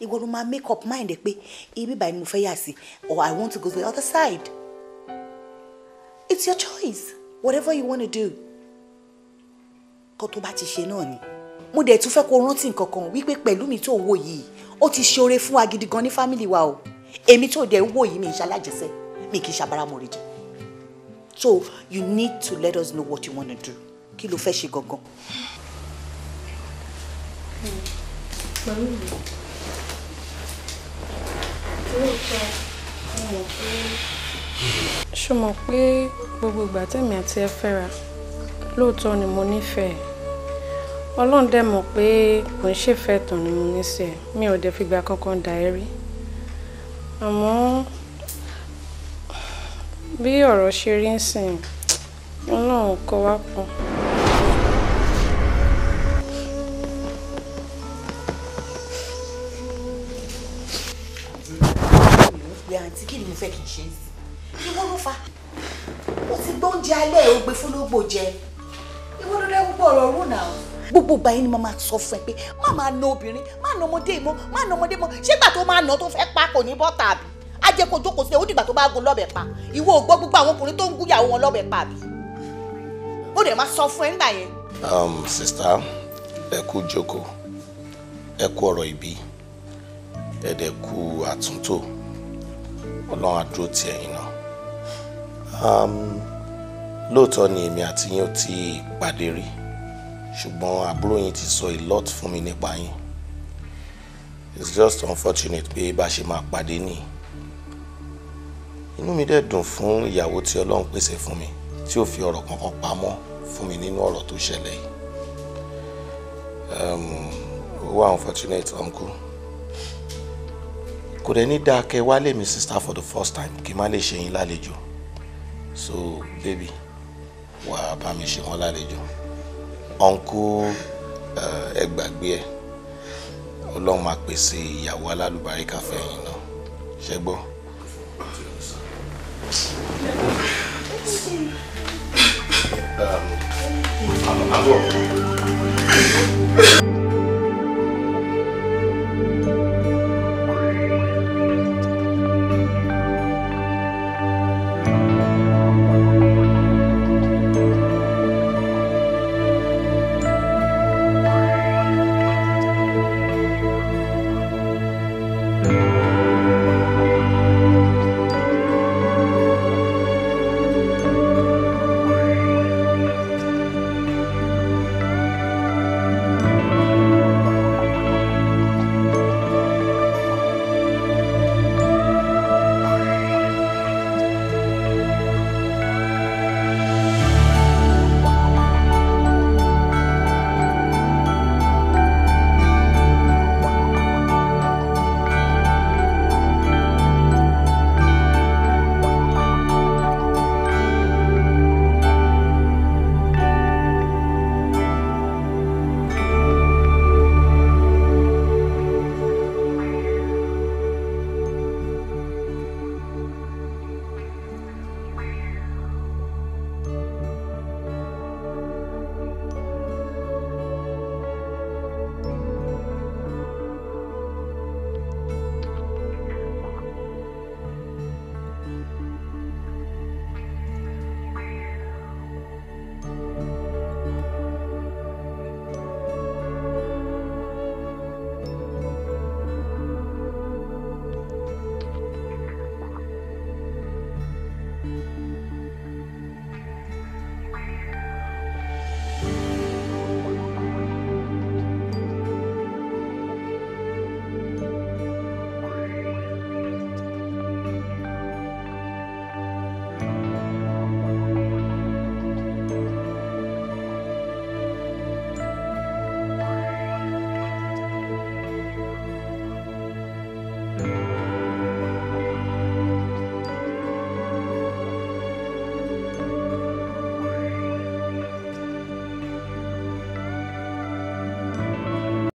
ìwọ ló máa make up mind ẹ pé ibi báyìí mo fẹ́ yà sí or i want to go to the other side it's your choice whatever you wanna do kó tó bá ti ṣe náà ni mo dẹ̀ tún fẹ́ kó rántí nǹkan kan wípé pẹ̀lú mi tó wò yìí ó ti ṣoore fún wa gidi gan ní fámìlì wa o èmi tó dẹ̀ wò yìí mi ń ṣalájẹsẹ́ mi kì í ṣàbáramọ̀rẹ̀ jẹ so you need to let us know what you wanna do kí ló fẹ́ ṣe gangan. Mm pẹ̀lú mi lóòótọ́ mo mọ̀ pé. ṣó mọ̀ pé gbogbo ìgbà tẹ̀mí àti ẹ fẹ́ra lóòótọ́ ni mo nífẹ̀ẹ́ ọlọ́run dẹ̀ mọ̀ pé kò ń ṣèfẹ́ tàn ni mo ní sí ẹ mi ò dẹ̀ fìgbà kankan dà ẹ́ rí àmọ́ bí ọ̀rọ̀ ṣe rí ń sìn ọlọ́run kọ wá pọ̀. ló fẹ́ kí n ṣe é sí ìwọ ló fa ó ti gbóúnjẹ alẹ́ ò gbé fún lógbò jẹ ìwọ ló dẹ́ púpọ̀ ọ̀rọ̀ rú náà gbogbo ìgbà yín ni mo máa sọ fún ẹ pé má máa na obìnrin má na ọmọdé mọ má na ọmọdé mọ ṣégbà tó máa nà tó fẹ́ pa kò ní bọ́ tàbí ajẹ́ kó jókòó sílẹ̀ ó dìgbà tó bá gun lọ́bẹ̀ pa ìwọ ò gbọ́ gbogbo àwọn ọkùnrin tó ń gúnyàwó wọn lọ́bẹ̀ pa bí ó dẹ̀ máa sọ fún ẹ nígbà yẹn. Um, sista ẹ kú jókòó ẹ kú ọ̀rọ̀ ìbí ẹ dẹ̀ kú àtúntò ọlọ́run àdúró ti ẹ̀yin náà um, lóòótọ́ ni èmi àti yín ò tí ì pàdé rí ṣùgbọ́n àbúrò yín ti sọ a lot fún mi nípa yín it's just unfortunate pé bá a ṣe máa pàdé nìyí inú mi dẹ̀ dùn fún ìyàwó tí ọlọ́run pèsè fún mi tí ò fi ọ̀rọ̀ kankan pamọ́ fún mi nínú ọ̀rọ̀ tó ṣẹlẹ̀ yìí um, ó wà unfortunate uncle kò dẹ̀ ní dáa kẹ́ wá mi sister for the first time kí n má lè ṣe yín lálejò so baby wà á bá mi ṣe wọn lálejò ọ̀nkú eh, ẹ gbàgbé ẹ ọlọ́run máa pèsè ìyàwó alálùbáríkà fẹ́yìn náà ṣẹ gbọ́. Um, I'm, I'm